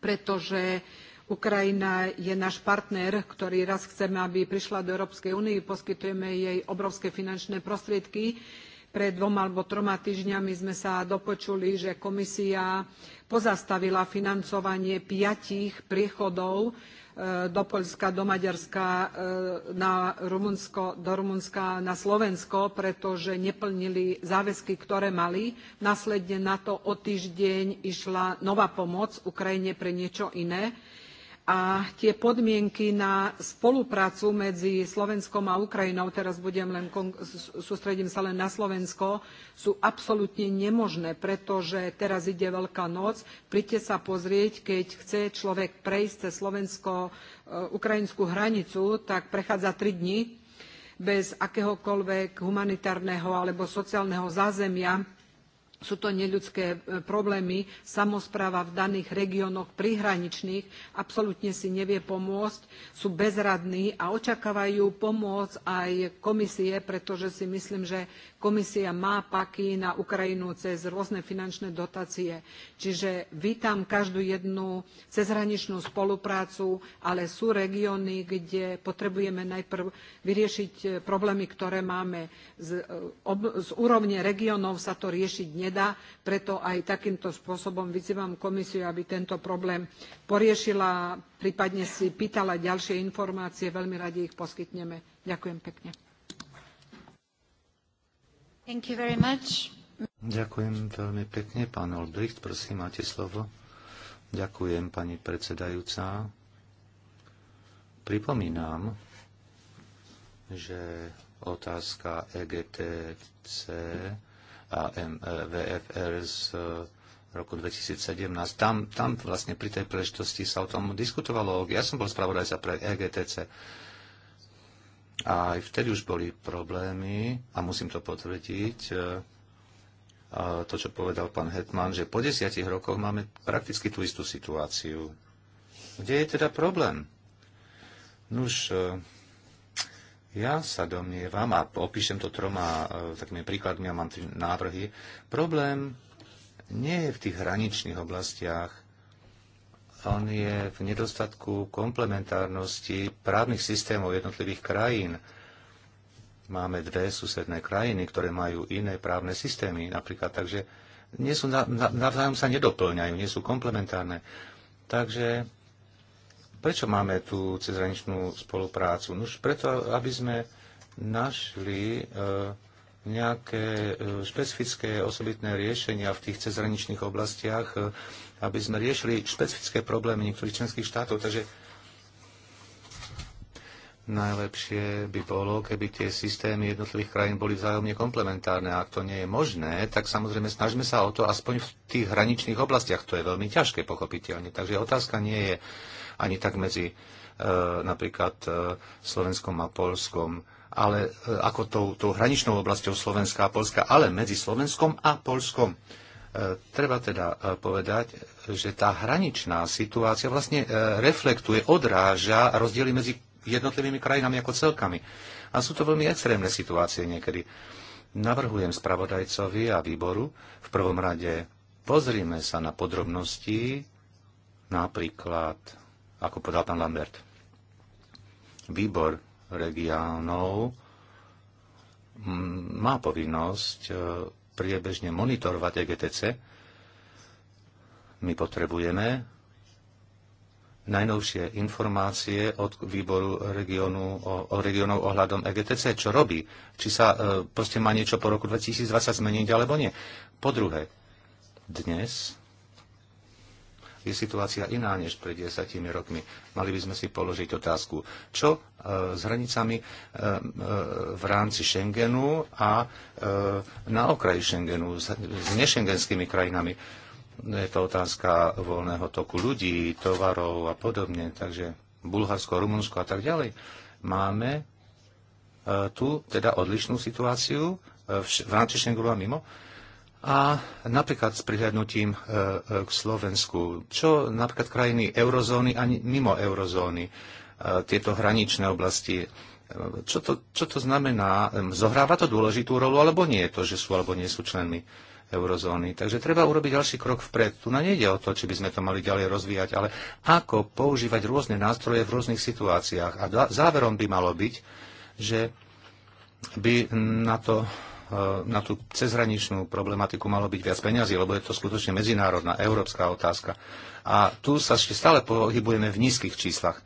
pretože Ukrajina je náš partner, ktorý raz chceme, aby prišla do Európskej únie, poskytujeme jej obrovské finančné prostriedky. Pred dvoma alebo troma týždňami sme sa dopočuli, že komisia pozastavila financovanie piatich priechodov e, do Poľska, do Maďarska, e, na Rumunsko, do Rumunska, na Slovensko, pretože neplnili záväzky, ktoré mali. Následne na to o týždeň išla nová pomoc Ukrajine pre niečo iné a tie podmienky na spoluprácu medzi Slovenskom a Ukrajinou, teraz budem len, sústredím sa len na Slovensko, sú absolútne nemožné, pretože teraz ide Veľká noc. Príďte sa pozrieť, keď chce človek prejsť cez slovensko-ukrajinskú e, hranicu, tak prechádza tri dni bez akéhokoľvek humanitárneho alebo sociálneho zázemia sú to neľudské e, problémy samospráva v daných regiónoch prihraničných absolútne si nevie pomôcť sú bezradní a očakávajú pomoc aj komisie pretože si myslím že komisia má paky na ukrajinu cez rôzne finančné dotácie čiže vítam každú jednu cezhraničnú spoluprácu ale sú regióny kde potrebujeme najprv vyriešiť e, problémy ktoré máme e, z, úrovne regiónov sa to riešiť nedá preto aj takýmto spôsobom vyzývam komisiu aby tento problém poriešila prípadne si pýtala ďalšie informácie veľmi radi ich poskytneme. ďakujem pekne. Thank you very much. Ďakujem veľmi pekne, pán Olbricht, prosím, máte slovo. Ďakujem, pani predsedajúca. Pripomínam, že otázka EGTC a e, VFR z roku 2017. Tam, tam vlastne pri tej príležitosti sa o tom diskutovalo. Ja som bol spravodajca pre EGTC a aj vtedy už boli problémy, a musím to potvrdiť, e, to, čo povedal pán Hetman, že po desiatich rokoch máme prakticky tú istú situáciu. Kde je teda problém? Nuž, e, ja sa domnievam, a opíšem to troma e, takými príkladmi, a mám tri návrhy, problém nie je v tých hraničných oblastiach, on je v nedostatku komplementárnosti právnych systémov jednotlivých krajín. Máme dve susedné krajiny, ktoré majú iné právne systémy napríklad, takže nie sú na, na, navzájom sa nedoplňajú, nie sú komplementárne. Takže prečo máme tú cezhraničnú spoluprácu? Nož preto, aby sme našli e, nejaké e, špecifické osobitné riešenia v tých cezhraničných oblastiach, e, aby sme riešili špecifické problémy niektorých členských štátov. Takže najlepšie by bolo, keby tie systémy jednotlivých krajín boli vzájomne komplementárne. A ak to nie je možné, tak samozrejme snažme sa o to aspoň v tých hraničných oblastiach. To je veľmi ťažké pochopiteľne. Takže otázka nie je ani tak medzi e, napríklad e, Slovenskom a Polskom, ale e, ako tou, tou hraničnou oblasťou Slovenska a Polska, ale medzi Slovenskom a Polskom. Treba teda e, povedať, že tá hraničná situácia vlastne e, reflektuje, odráža rozdiely medzi jednotlivými krajinami ako celkami. A sú to veľmi extrémne situácie niekedy. Navrhujem spravodajcovi a výboru v prvom rade pozrime sa na podrobnosti, napríklad, ako povedal pán Lambert, výbor regiónov má povinnosť e, priebežne monitorovať EGTC. My potrebujeme najnovšie informácie od výboru regionu, o, o regionov ohľadom EGTC, čo robí, či sa e, proste má niečo po roku 2020 zmeniť alebo nie. Po druhé, dnes je situácia iná než pred desiatimi rokmi. Mali by sme si položiť otázku, čo e, s hranicami e, e, v rámci Schengenu a na okraji Schengenu s nešengenskými krajinami. Je to otázka voľného toku ľudí, tovarov a podobne, takže Bulharsko, Rumunsko a tak ďalej. Máme tu teda odlišnú situáciu v rámci Schengenu a mimo a napríklad s prihľadnutím e, e, k Slovensku, čo napríklad krajiny eurozóny ani mimo eurozóny, e, tieto hraničné oblasti, čo to, čo to znamená? Zohráva to dôležitú rolu alebo nie je to, že sú alebo nie sú členmi eurozóny? Takže treba urobiť ďalší krok vpred. Tu na nejde o to, či by sme to mali ďalej rozvíjať, ale ako používať rôzne nástroje v rôznych situáciách. A záverom by malo byť, že by na to Eh, na tú cezhraničnú problematiku malo byť viac peňazí, lebo je to skutočne medzinárodná, európska otázka. A tu sa ešte stále pohybujeme v nízkych číslach.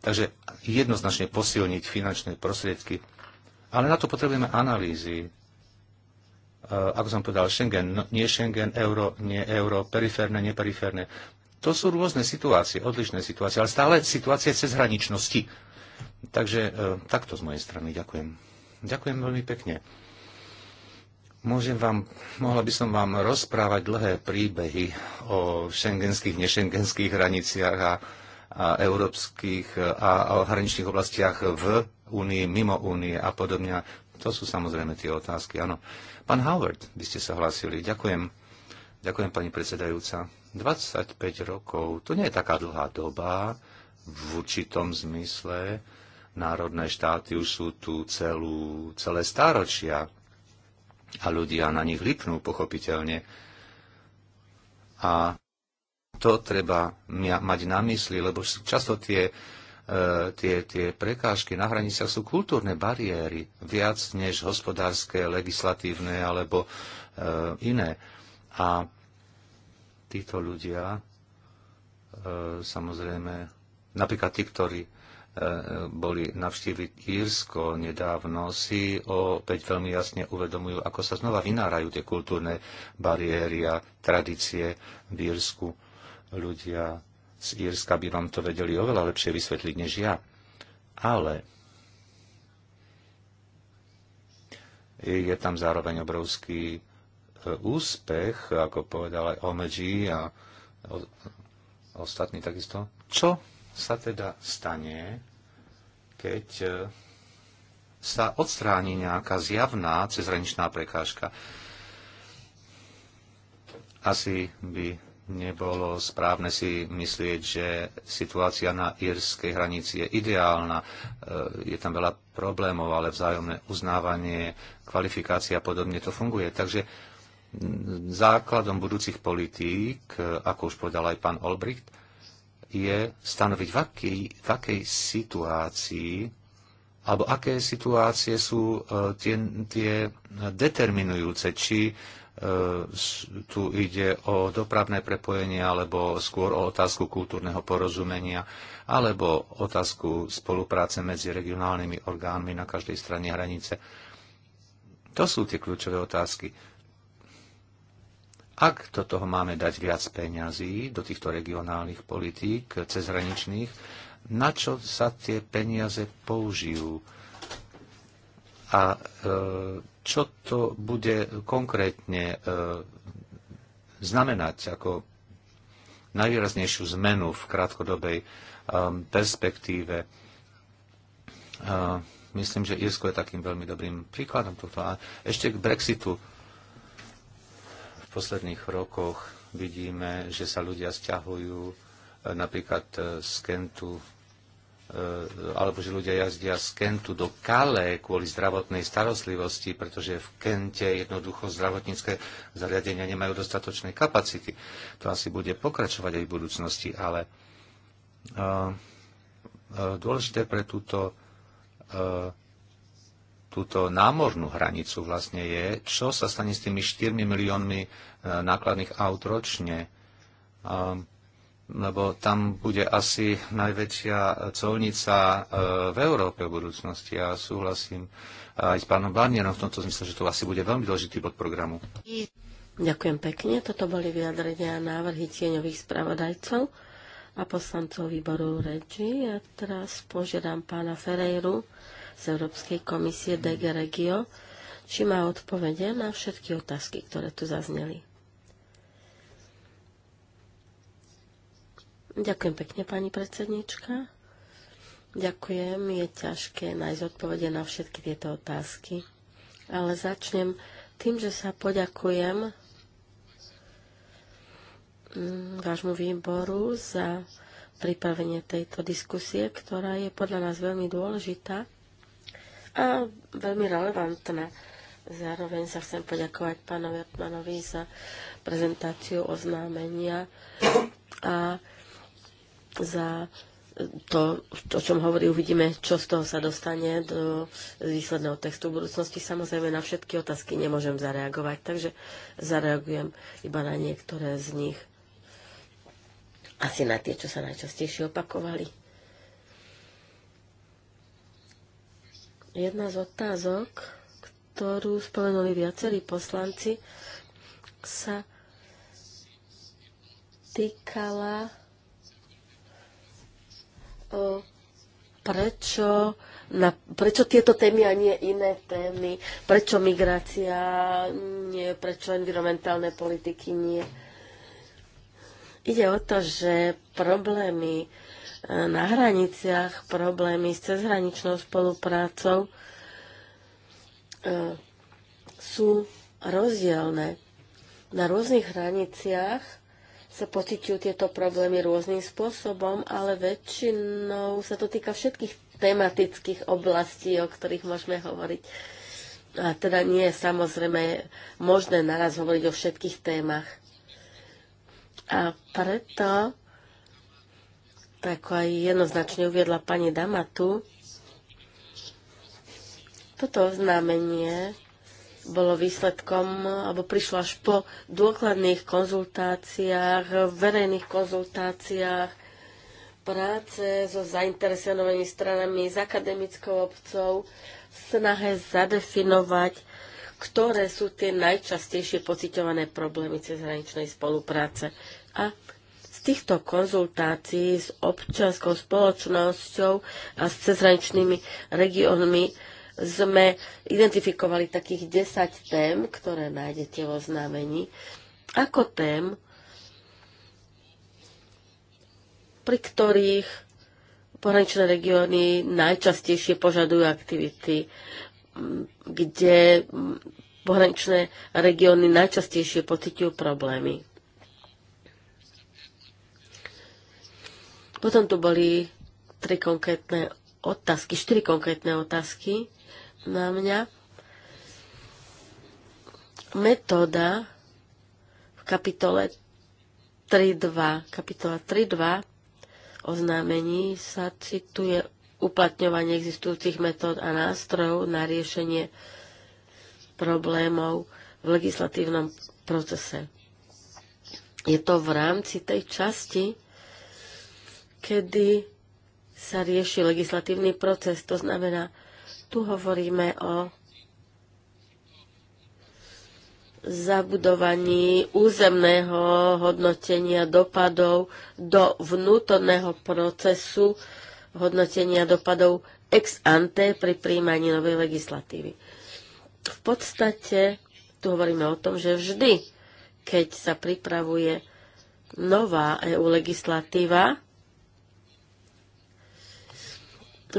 Takže jednoznačne posilniť finančné prostriedky. Ale na to potrebujeme analýzy. Eh, ako som povedal, Schengen, no, nie Schengen, euro, nie euro, periférne, neperiférne. To sú rôzne situácie, odlišné situácie, ale stále situácie cezhraničnosti. Takže eh, takto z mojej strany ďakujem. Ďakujem veľmi pekne. Môžem vám, mohla by som vám rozprávať dlhé príbehy o šengenských, nešengenských hraniciach a, a európskych a, a hraničných oblastiach v Únii, mimo Únie a podobne. To sú samozrejme tie otázky, áno. Pán Howard, by ste sa hlásili. Ďakujem. Ďakujem, pani predsedajúca. 25 rokov, to nie je taká dlhá doba v určitom zmysle. Národné štáty už sú tu celú, celé stáročia a ľudia na nich lipnú, pochopiteľne. A to treba mať na mysli, lebo často tie, e, tie, tie prekážky na hraniciach sú kultúrne bariéry, viac než hospodárske, legislatívne alebo e, iné. A títo ľudia, e, samozrejme, napríklad tí, ktorí E, boli navštíviť Írsko nedávno, si opäť veľmi jasne uvedomujú, ako sa znova vynárajú tie kultúrne bariéry a tradície v Írsku. Ľudia z Írska by vám to vedeli oveľa lepšie vysvetliť než ja. Ale je tam zároveň obrovský e, úspech, ako povedal aj Omeji a ostatní takisto. Čo sa teda stane, keď e, sa odstráni nejaká zjavná cezhraničná prekážka. Asi by nebolo správne si myslieť, že situácia na írskej hranici je ideálna. E, je tam veľa problémov, ale vzájomné uznávanie, kvalifikácia a podobne to funguje. Takže základom budúcich politík, e, ako už povedal aj pán Olbricht, je stanoviť, v, akej, v akej situácii alebo aké situácie sú e, tie, tie determinujúce, či e, tu ide o dopravné prepojenie, alebo skôr o otázku kultúrneho porozumenia, alebo otázku spolupráce medzi regionálnymi orgánmi na každej strane hranice. To sú tie kľúčové otázky. Ak do toho máme dať viac peňazí do týchto regionálnych politík, cezhraničných, na čo sa tie peniaze použijú? A e, čo to bude konkrétne e, znamenať ako najvýraznejšiu zmenu v krátkodobej e, perspektíve? Myslím, že Irsko je takým veľmi dobrým príkladom tohto. A ešte k Brexitu posledných rokoch vidíme, že sa ľudia stiahujú e, napríklad e, z Kentu, e, alebo že ľudia jazdia z Kentu do Kale kvôli zdravotnej starostlivosti, pretože v Kente jednoducho zdravotnícke zariadenia nemajú dostatočné kapacity. To asi bude pokračovať aj v budúcnosti, ale dôležité pre túto túto námornú hranicu vlastne je, čo sa stane s tými 4 miliónmi e, nákladných aut ročne. Lebo tam bude asi najväčšia colnica e, v Európe v budúcnosti. Ja súhlasím aj s pánom Barnierom v tomto zmysle, že to asi bude veľmi dôležitý bod programu. Ďakujem pekne. Toto boli vyjadrenia a návrhy tieňových spravodajcov a poslancov výboru REGI. Ja teraz požiadam pána Ferejru, z Európskej komisie DG Regio, či má odpovede na všetky otázky, ktoré tu zazneli. Ďakujem pekne, pani predsednička. Ďakujem, je ťažké nájsť odpovede na všetky tieto otázky. Ale začnem tým, že sa poďakujem mm, vášmu výboru za pripravenie tejto diskusie, ktorá je podľa nás veľmi dôležitá a veľmi relevantné. Zároveň sa chcem poďakovať pánovi Otmanovi za prezentáciu oznámenia a za to, o čom hovorí, uvidíme, čo z toho sa dostane do výsledného textu v budúcnosti. Samozrejme, na všetky otázky nemôžem zareagovať, takže zareagujem iba na niektoré z nich. Asi na tie, čo sa najčastejšie opakovali. Jedna z otázok, ktorú spomenuli viacerí poslanci, sa týkala o, prečo, na, prečo tieto témy a nie iné témy, prečo migrácia nie, prečo environmentálne politiky nie. Ide o to, že problémy na hraniciach, problémy s cezhraničnou spoluprácou e, sú rozdielne. Na rôznych hraniciach sa pociťujú tieto problémy rôznym spôsobom, ale väčšinou sa to týka všetkých tematických oblastí, o ktorých môžeme hovoriť. A teda nie je samozrejme možné naraz hovoriť o všetkých témach. A preto tak aj jednoznačne uviedla pani Damatu, toto oznámenie bolo výsledkom, alebo prišlo až po dôkladných konzultáciách, verejných konzultáciách, práce so zainteresovanými stranami, s akademickou obcov, v snahe zadefinovať, ktoré sú tie najčastejšie pociťované problémy cez hraničnej spolupráce a týchto konzultácií s občianskou spoločnosťou a s cezhraničnými regiónmi sme identifikovali takých 10 tém, ktoré nájdete vo znamení, ako tém, pri ktorých pohraničné regióny najčastejšie požadujú aktivity, kde pohraničné regióny najčastejšie pociťujú problémy. Potom tu boli tri konkrétne otázky, štyri konkrétne otázky na mňa. Metóda v kapitole 3.2. Kapitola 3.2 oznámení sa cituje uplatňovanie existujúcich metód a nástrojov na riešenie problémov v legislatívnom procese. Je to v rámci tej časti, kedy sa rieši legislatívny proces. To znamená, tu hovoríme o zabudovaní územného hodnotenia dopadov do vnútorného procesu hodnotenia dopadov ex ante pri príjmaní novej legislatívy. V podstate tu hovoríme o tom, že vždy, keď sa pripravuje nová EU legislatíva,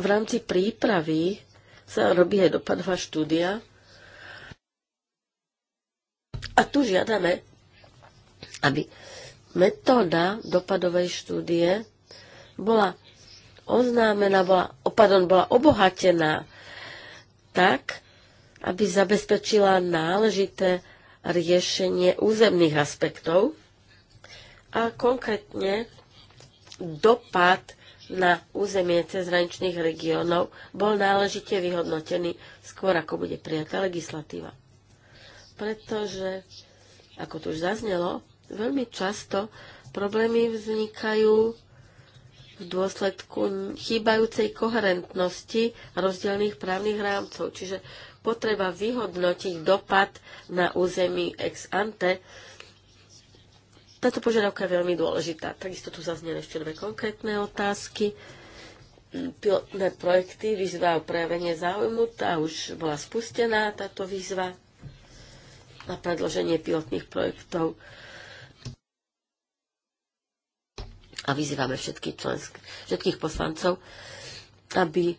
v rámci prípravy sa robí aj dopadová štúdia. A tu žiadame, aby metóda dopadovej štúdie bola oznámená, bola, opadon, bola obohatená tak, aby zabezpečila náležité riešenie územných aspektov a konkrétne dopad na územie cezhraničných regiónov bol náležite vyhodnotený skôr ako bude prijatá legislatíva. Pretože, ako tu už zaznelo, veľmi často problémy vznikajú v dôsledku chýbajúcej koherentnosti rozdielných právnych rámcov, čiže potreba vyhodnotiť dopad na území ex ante táto požiadavka je veľmi dôležitá. Takisto tu zazneli ešte dve konkrétne otázky. Pilotné projekty, výzva o prejavenie záujmu, tá už bola spustená, táto výzva na predloženie pilotných projektov. A vyzývame všetky členské, všetkých poslancov, aby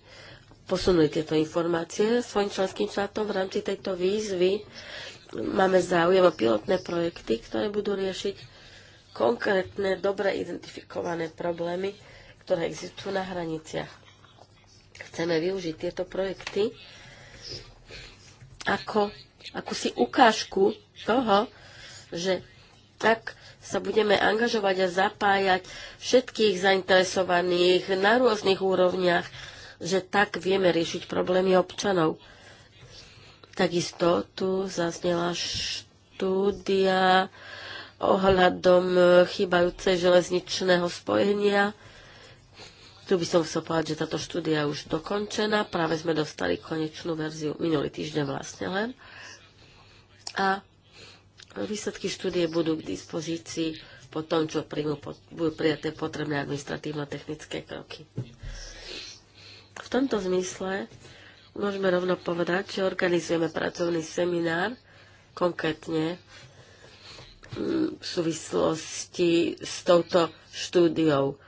posunuli tieto informácie svojim členským štátom v rámci tejto výzvy. Máme záujem o pilotné projekty, ktoré budú riešiť konkrétne, dobre identifikované problémy, ktoré existujú na hraniciach. Chceme využiť tieto projekty ako akúsi ukážku toho, že tak sa budeme angažovať a zapájať všetkých zainteresovaných na rôznych úrovniach, že tak vieme riešiť problémy občanov. Takisto tu zaznela štúdia ohľadom e, chýbajúce železničného spojenia. Tu by som chcel povedať, že táto štúdia je už dokončená. Práve sme dostali konečnú verziu minulý týždeň vlastne len. A výsledky štúdie budú k dispozícii po tom, čo príjmu, budú prijaté potrebné administratívno-technické kroky. V tomto zmysle môžeme rovno povedať, že organizujeme pracovný seminár konkrétne v súvislosti s touto štúdiou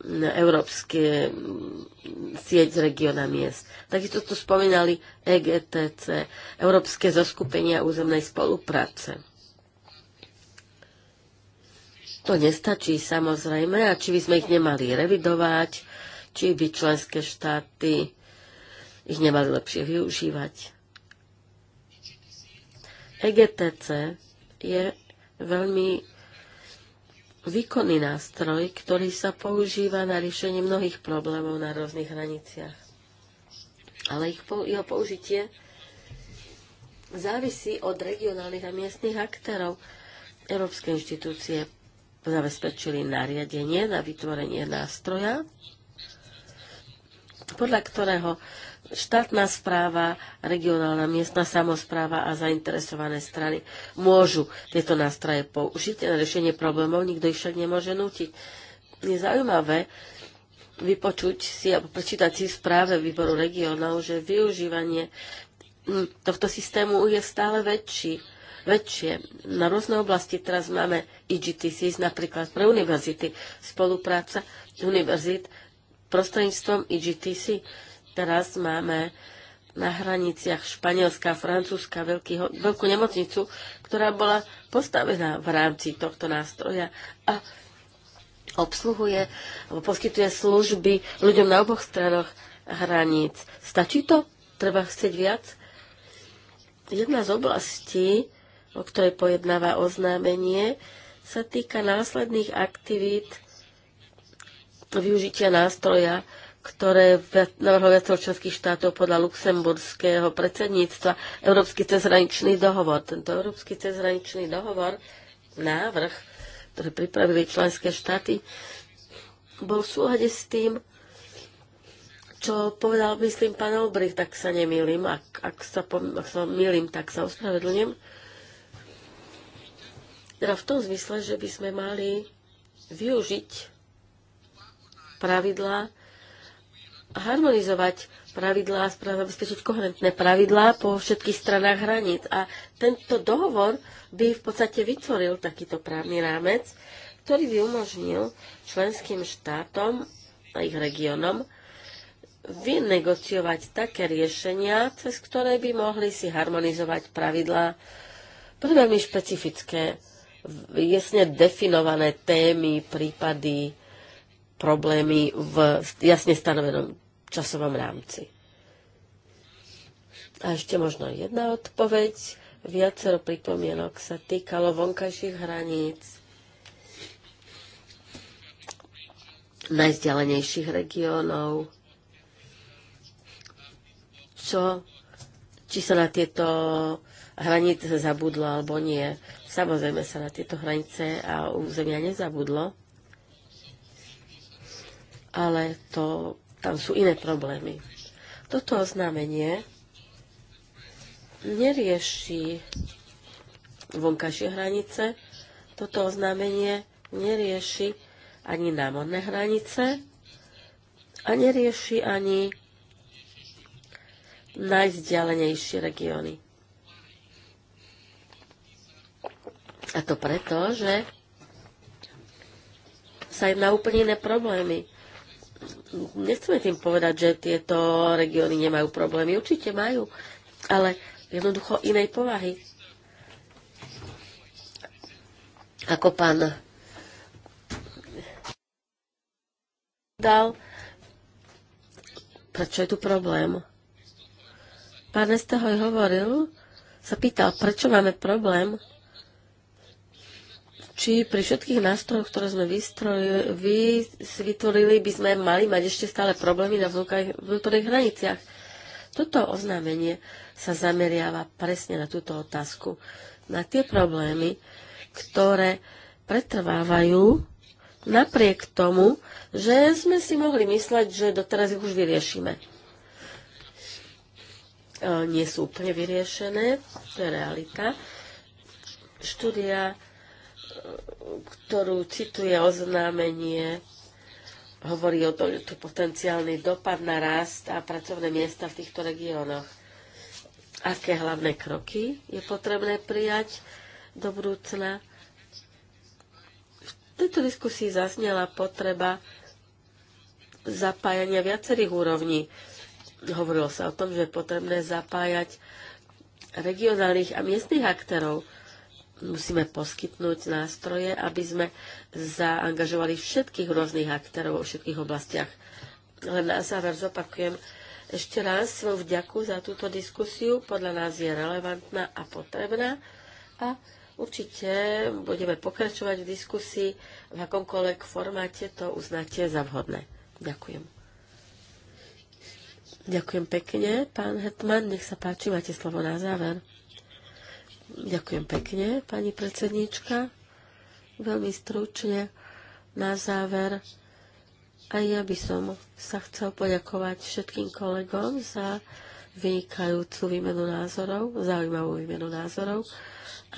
na európske mm, sieť regiona miest. Takisto tu spomínali EGTC, Európske zoskupenia územnej spolupráce. To nestačí samozrejme a či by sme ich nemali revidovať, či by členské štáty ich nemali lepšie využívať. EGTC je veľmi výkonný nástroj, ktorý sa používa na riešenie mnohých problémov na rôznych hraniciach. Ale ich, jeho použitie závisí od regionálnych a miestnych aktérov. Európske inštitúcie zabezpečili nariadenie na vytvorenie nástroja, podľa ktorého štátna správa, regionálna miestna samozpráva a zainteresované strany môžu tieto nástroje použiť na riešenie problémov, nikto ich však nemôže nútiť. Je zaujímavé vypočuť si alebo prečítať si správe výboru regionov, že využívanie hm, tohto systému je stále väčší, väčšie. Na rôzne oblasti teraz máme IGTC, e napríklad pre univerzity, spolupráca univerzit prostredníctvom IGTC e Teraz máme na hraniciach Španielska Francúzska veľkú nemocnicu, ktorá bola postavená v rámci tohto nástroja a obsluhuje, poskytuje služby ľuďom na oboch stranoch hraníc. Stačí to? Treba chcieť viac? Jedna z oblastí, o ktorej pojednáva oznámenie, sa týka následných aktivít využitia nástroja ktoré navrhol viacero členských štátov podľa luxemburského predsedníctva, Európsky cezhraničný dohovor. Tento Európsky cezhraničný dohovor, návrh, ktorý pripravili členské štáty, bol v súhade s tým, čo povedal, myslím, pán Olbrich, tak sa nemýlim. Ak, ak, sa, ak sa milím, tak sa ospravedlňujem. Teda v tom zmysle, že by sme mali využiť pravidlá harmonizovať pravidlá, zabezpečiť koherentné pravidlá po všetkých stranách hraníc. A tento dohovor by v podstate vytvoril takýto právny rámec, ktorý by umožnil členským štátom a ich regiónom vynegociovať také riešenia, cez ktoré by mohli si harmonizovať pravidlá pre veľmi špecifické, jasne definované témy, prípady, problémy v jasne stanovenom časovom rámci. A ešte možno jedna odpoveď. Viacero pripomienok sa týkalo vonkajších hraníc, najzdialenejších regiónov, čo, či sa na tieto hranice zabudlo alebo nie. Samozrejme sa na tieto hranice a územia nezabudlo ale to, tam sú iné problémy. Toto oznámenie nerieši vonkajšie hranice, toto oznámenie nerieši ani námorné hranice a nerieši ani najzdialenejšie regióny. A to preto, že sa jedná úplne iné problémy nechceme tým povedať, že tieto regióny nemajú problémy. Určite majú, ale jednoducho inej povahy. Ako pán dal, prečo je tu problém? Pán Estehoj hovoril, sa pýtal, prečo máme problém či pri všetkých nástrojoch, ktoré sme vy, vytvorili, by sme mali mať ešte stále problémy na vnútorných hraniciach. Toto oznámenie sa zameriava presne na túto otázku, na tie problémy, ktoré pretrvávajú napriek tomu, že sme si mohli mysleť, že doteraz ich už vyriešime. E, nie sú úplne vyriešené, to je realita. Štúdia ktorú cituje oznámenie, hovorí o to, to potenciálny dopad na rast a pracovné miesta v týchto regiónoch. Aké hlavné kroky je potrebné prijať do budúcna? V tejto diskusii zaznela potreba zapájania viacerých úrovní. Hovorilo sa o tom, že je potrebné zapájať regionálnych a miestnych aktérov, musíme poskytnúť nástroje, aby sme zaangažovali všetkých rôznych aktérov vo všetkých oblastiach. Len na záver zopakujem ešte raz svoju vďaku za túto diskusiu. Podľa nás je relevantná a potrebná a určite budeme pokračovať v diskusii v akomkoľvek formáte to uznáte za vhodné. Ďakujem. Ďakujem pekne, pán Hetman. Nech sa páči, máte slovo na záver. Ďakujem pekne, pani predsednička. Veľmi stručne na záver. a ja by som sa chcel poďakovať všetkým kolegom za vynikajúcu výmenu názorov, zaujímavú výmenu názorov.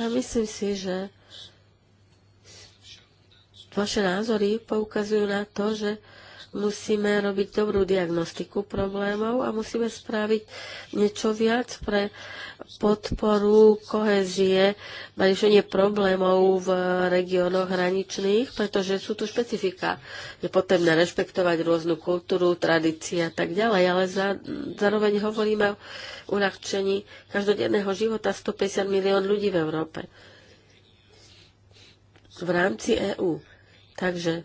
A myslím si, že vaše názory poukazujú na to, že musíme robiť dobrú diagnostiku problémov a musíme spraviť niečo viac pre podporu kohezie na riešenie problémov v regiónoch hraničných, pretože sú tu špecifika. Je potrebné rešpektovať rôznu kultúru, tradície a tak ďalej, ale za, zároveň hovoríme o uľahčení každodenného života 150 milión ľudí v Európe. V rámci EÚ. Takže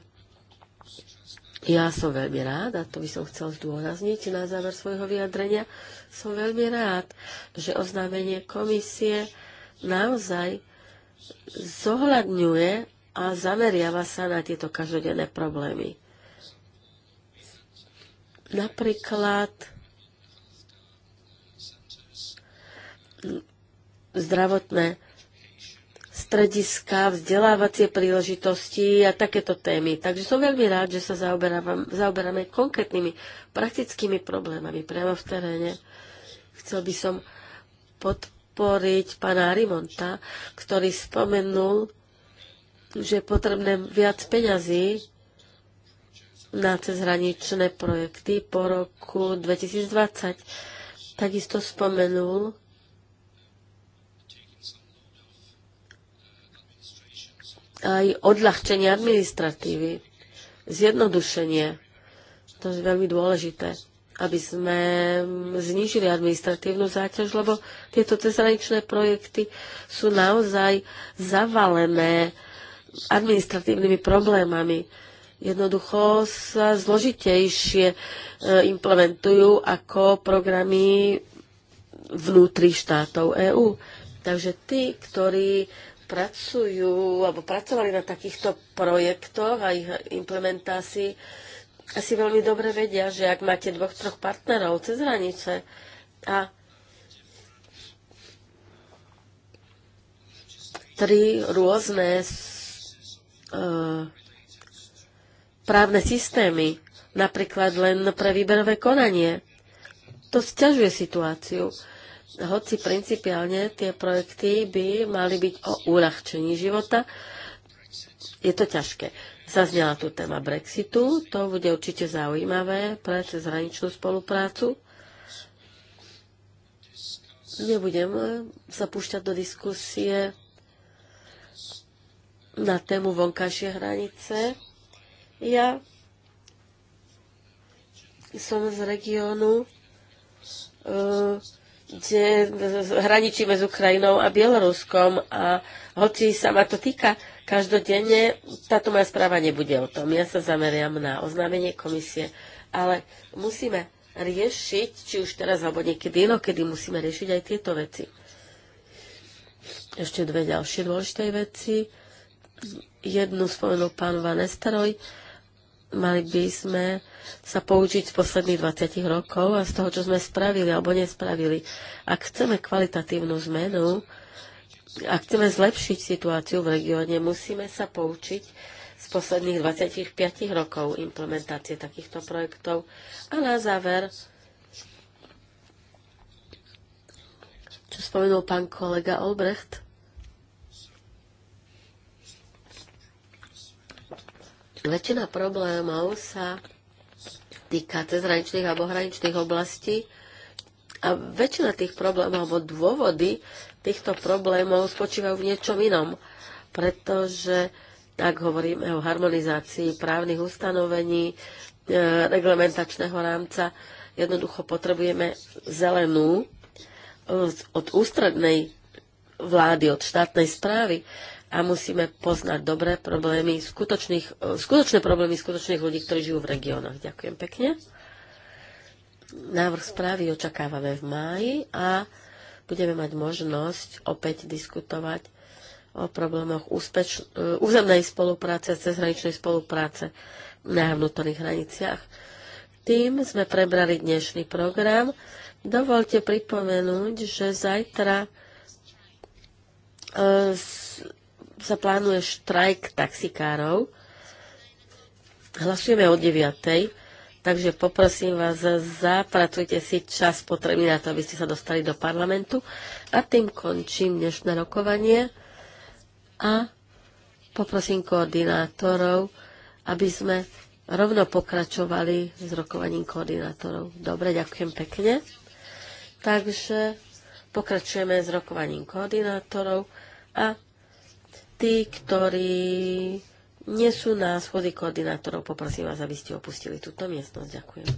ja som veľmi rád, a to by som chcel zdôrazniť na záver svojho vyjadrenia, som veľmi rád, že oznámenie komisie naozaj zohľadňuje a zameriava sa na tieto každodenné problémy. Napríklad zdravotné strediska, vzdelávacie príležitosti a takéto témy. Takže som veľmi rád, že sa zaoberáme konkrétnymi praktickými problémami priamo v teréne. Chcel by som podporiť pána Arimonta, ktorý spomenul, že je potrebné viac peňazí na cezhraničné projekty po roku 2020. Takisto spomenul, aj odľahčenie administratívy, zjednodušenie. To je veľmi dôležité, aby sme znížili administratívnu záťaž, lebo tieto cezhraničné projekty sú naozaj zavalené administratívnymi problémami jednoducho sa zložitejšie e, implementujú ako programy vnútri štátov EÚ. Takže tí, ktorí pracujú alebo pracovali na takýchto projektoch a ich implementácii, asi veľmi dobre vedia, že ak máte dvoch, troch partnerov cez hranice a tri rôzne uh, právne systémy, napríklad len pre výberové konanie. To sťažuje situáciu hoci principiálne tie projekty by mali byť o uľahčení života, je to ťažké. Zaznela tu téma Brexitu, to bude určite zaujímavé pre cezhraničnú spoluprácu. Nebudem sa púšťať do diskusie na tému vonkajšie hranice. Ja som z regiónu, e, kde hraničíme s Ukrajinou a Bieloruskom a hoci sa ma to týka každodenne, táto moja správa nebude o tom. Ja sa zameriam na oznámenie komisie, ale musíme riešiť, či už teraz alebo niekedy inokedy, musíme riešiť aj tieto veci. Ešte dve ďalšie dôležité veci. Jednu spomenul pán Van Esteroj mali by sme sa poučiť z posledných 20 rokov a z toho, čo sme spravili alebo nespravili. Ak chceme kvalitatívnu zmenu, ak chceme zlepšiť situáciu v regióne, musíme sa poučiť z posledných 25 rokov implementácie takýchto projektov. A na záver, čo spomenul pán kolega Olbrecht, Väčšina problémov sa týka cezhraničných alebo hraničných oblastí a väčšina tých problémov alebo dôvody týchto problémov spočívajú v niečom inom, pretože ak hovoríme o harmonizácii právnych ustanovení, e, reglementačného rámca, jednoducho potrebujeme zelenú e, od ústrednej vlády, od štátnej správy, a musíme poznať dobré problémy, skutočných, e, skutočné problémy skutočných ľudí, ktorí žijú v regiónoch. Ďakujem pekne. Návrh správy očakávame v máji a budeme mať možnosť opäť diskutovať o problémoch úspeč, e, územnej spolupráce cezhraničnej spolupráce na vnútorných hraniciach. Tým sme prebrali dnešný program. Dovolte pripomenúť, že zajtra e, sa plánuje štrajk taxikárov. Hlasujeme o 9. Takže poprosím vás, zapracujte si čas potrebný na to, aby ste sa dostali do parlamentu. A tým končím dnešné rokovanie. A poprosím koordinátorov, aby sme rovno pokračovali s rokovaním koordinátorov. Dobre, ďakujem pekne. Takže pokračujeme s rokovaním koordinátorov a Tí, ktorí nie sú na schody koordinátorov, poprosím vás, aby ste opustili túto miestnosť. Ďakujem.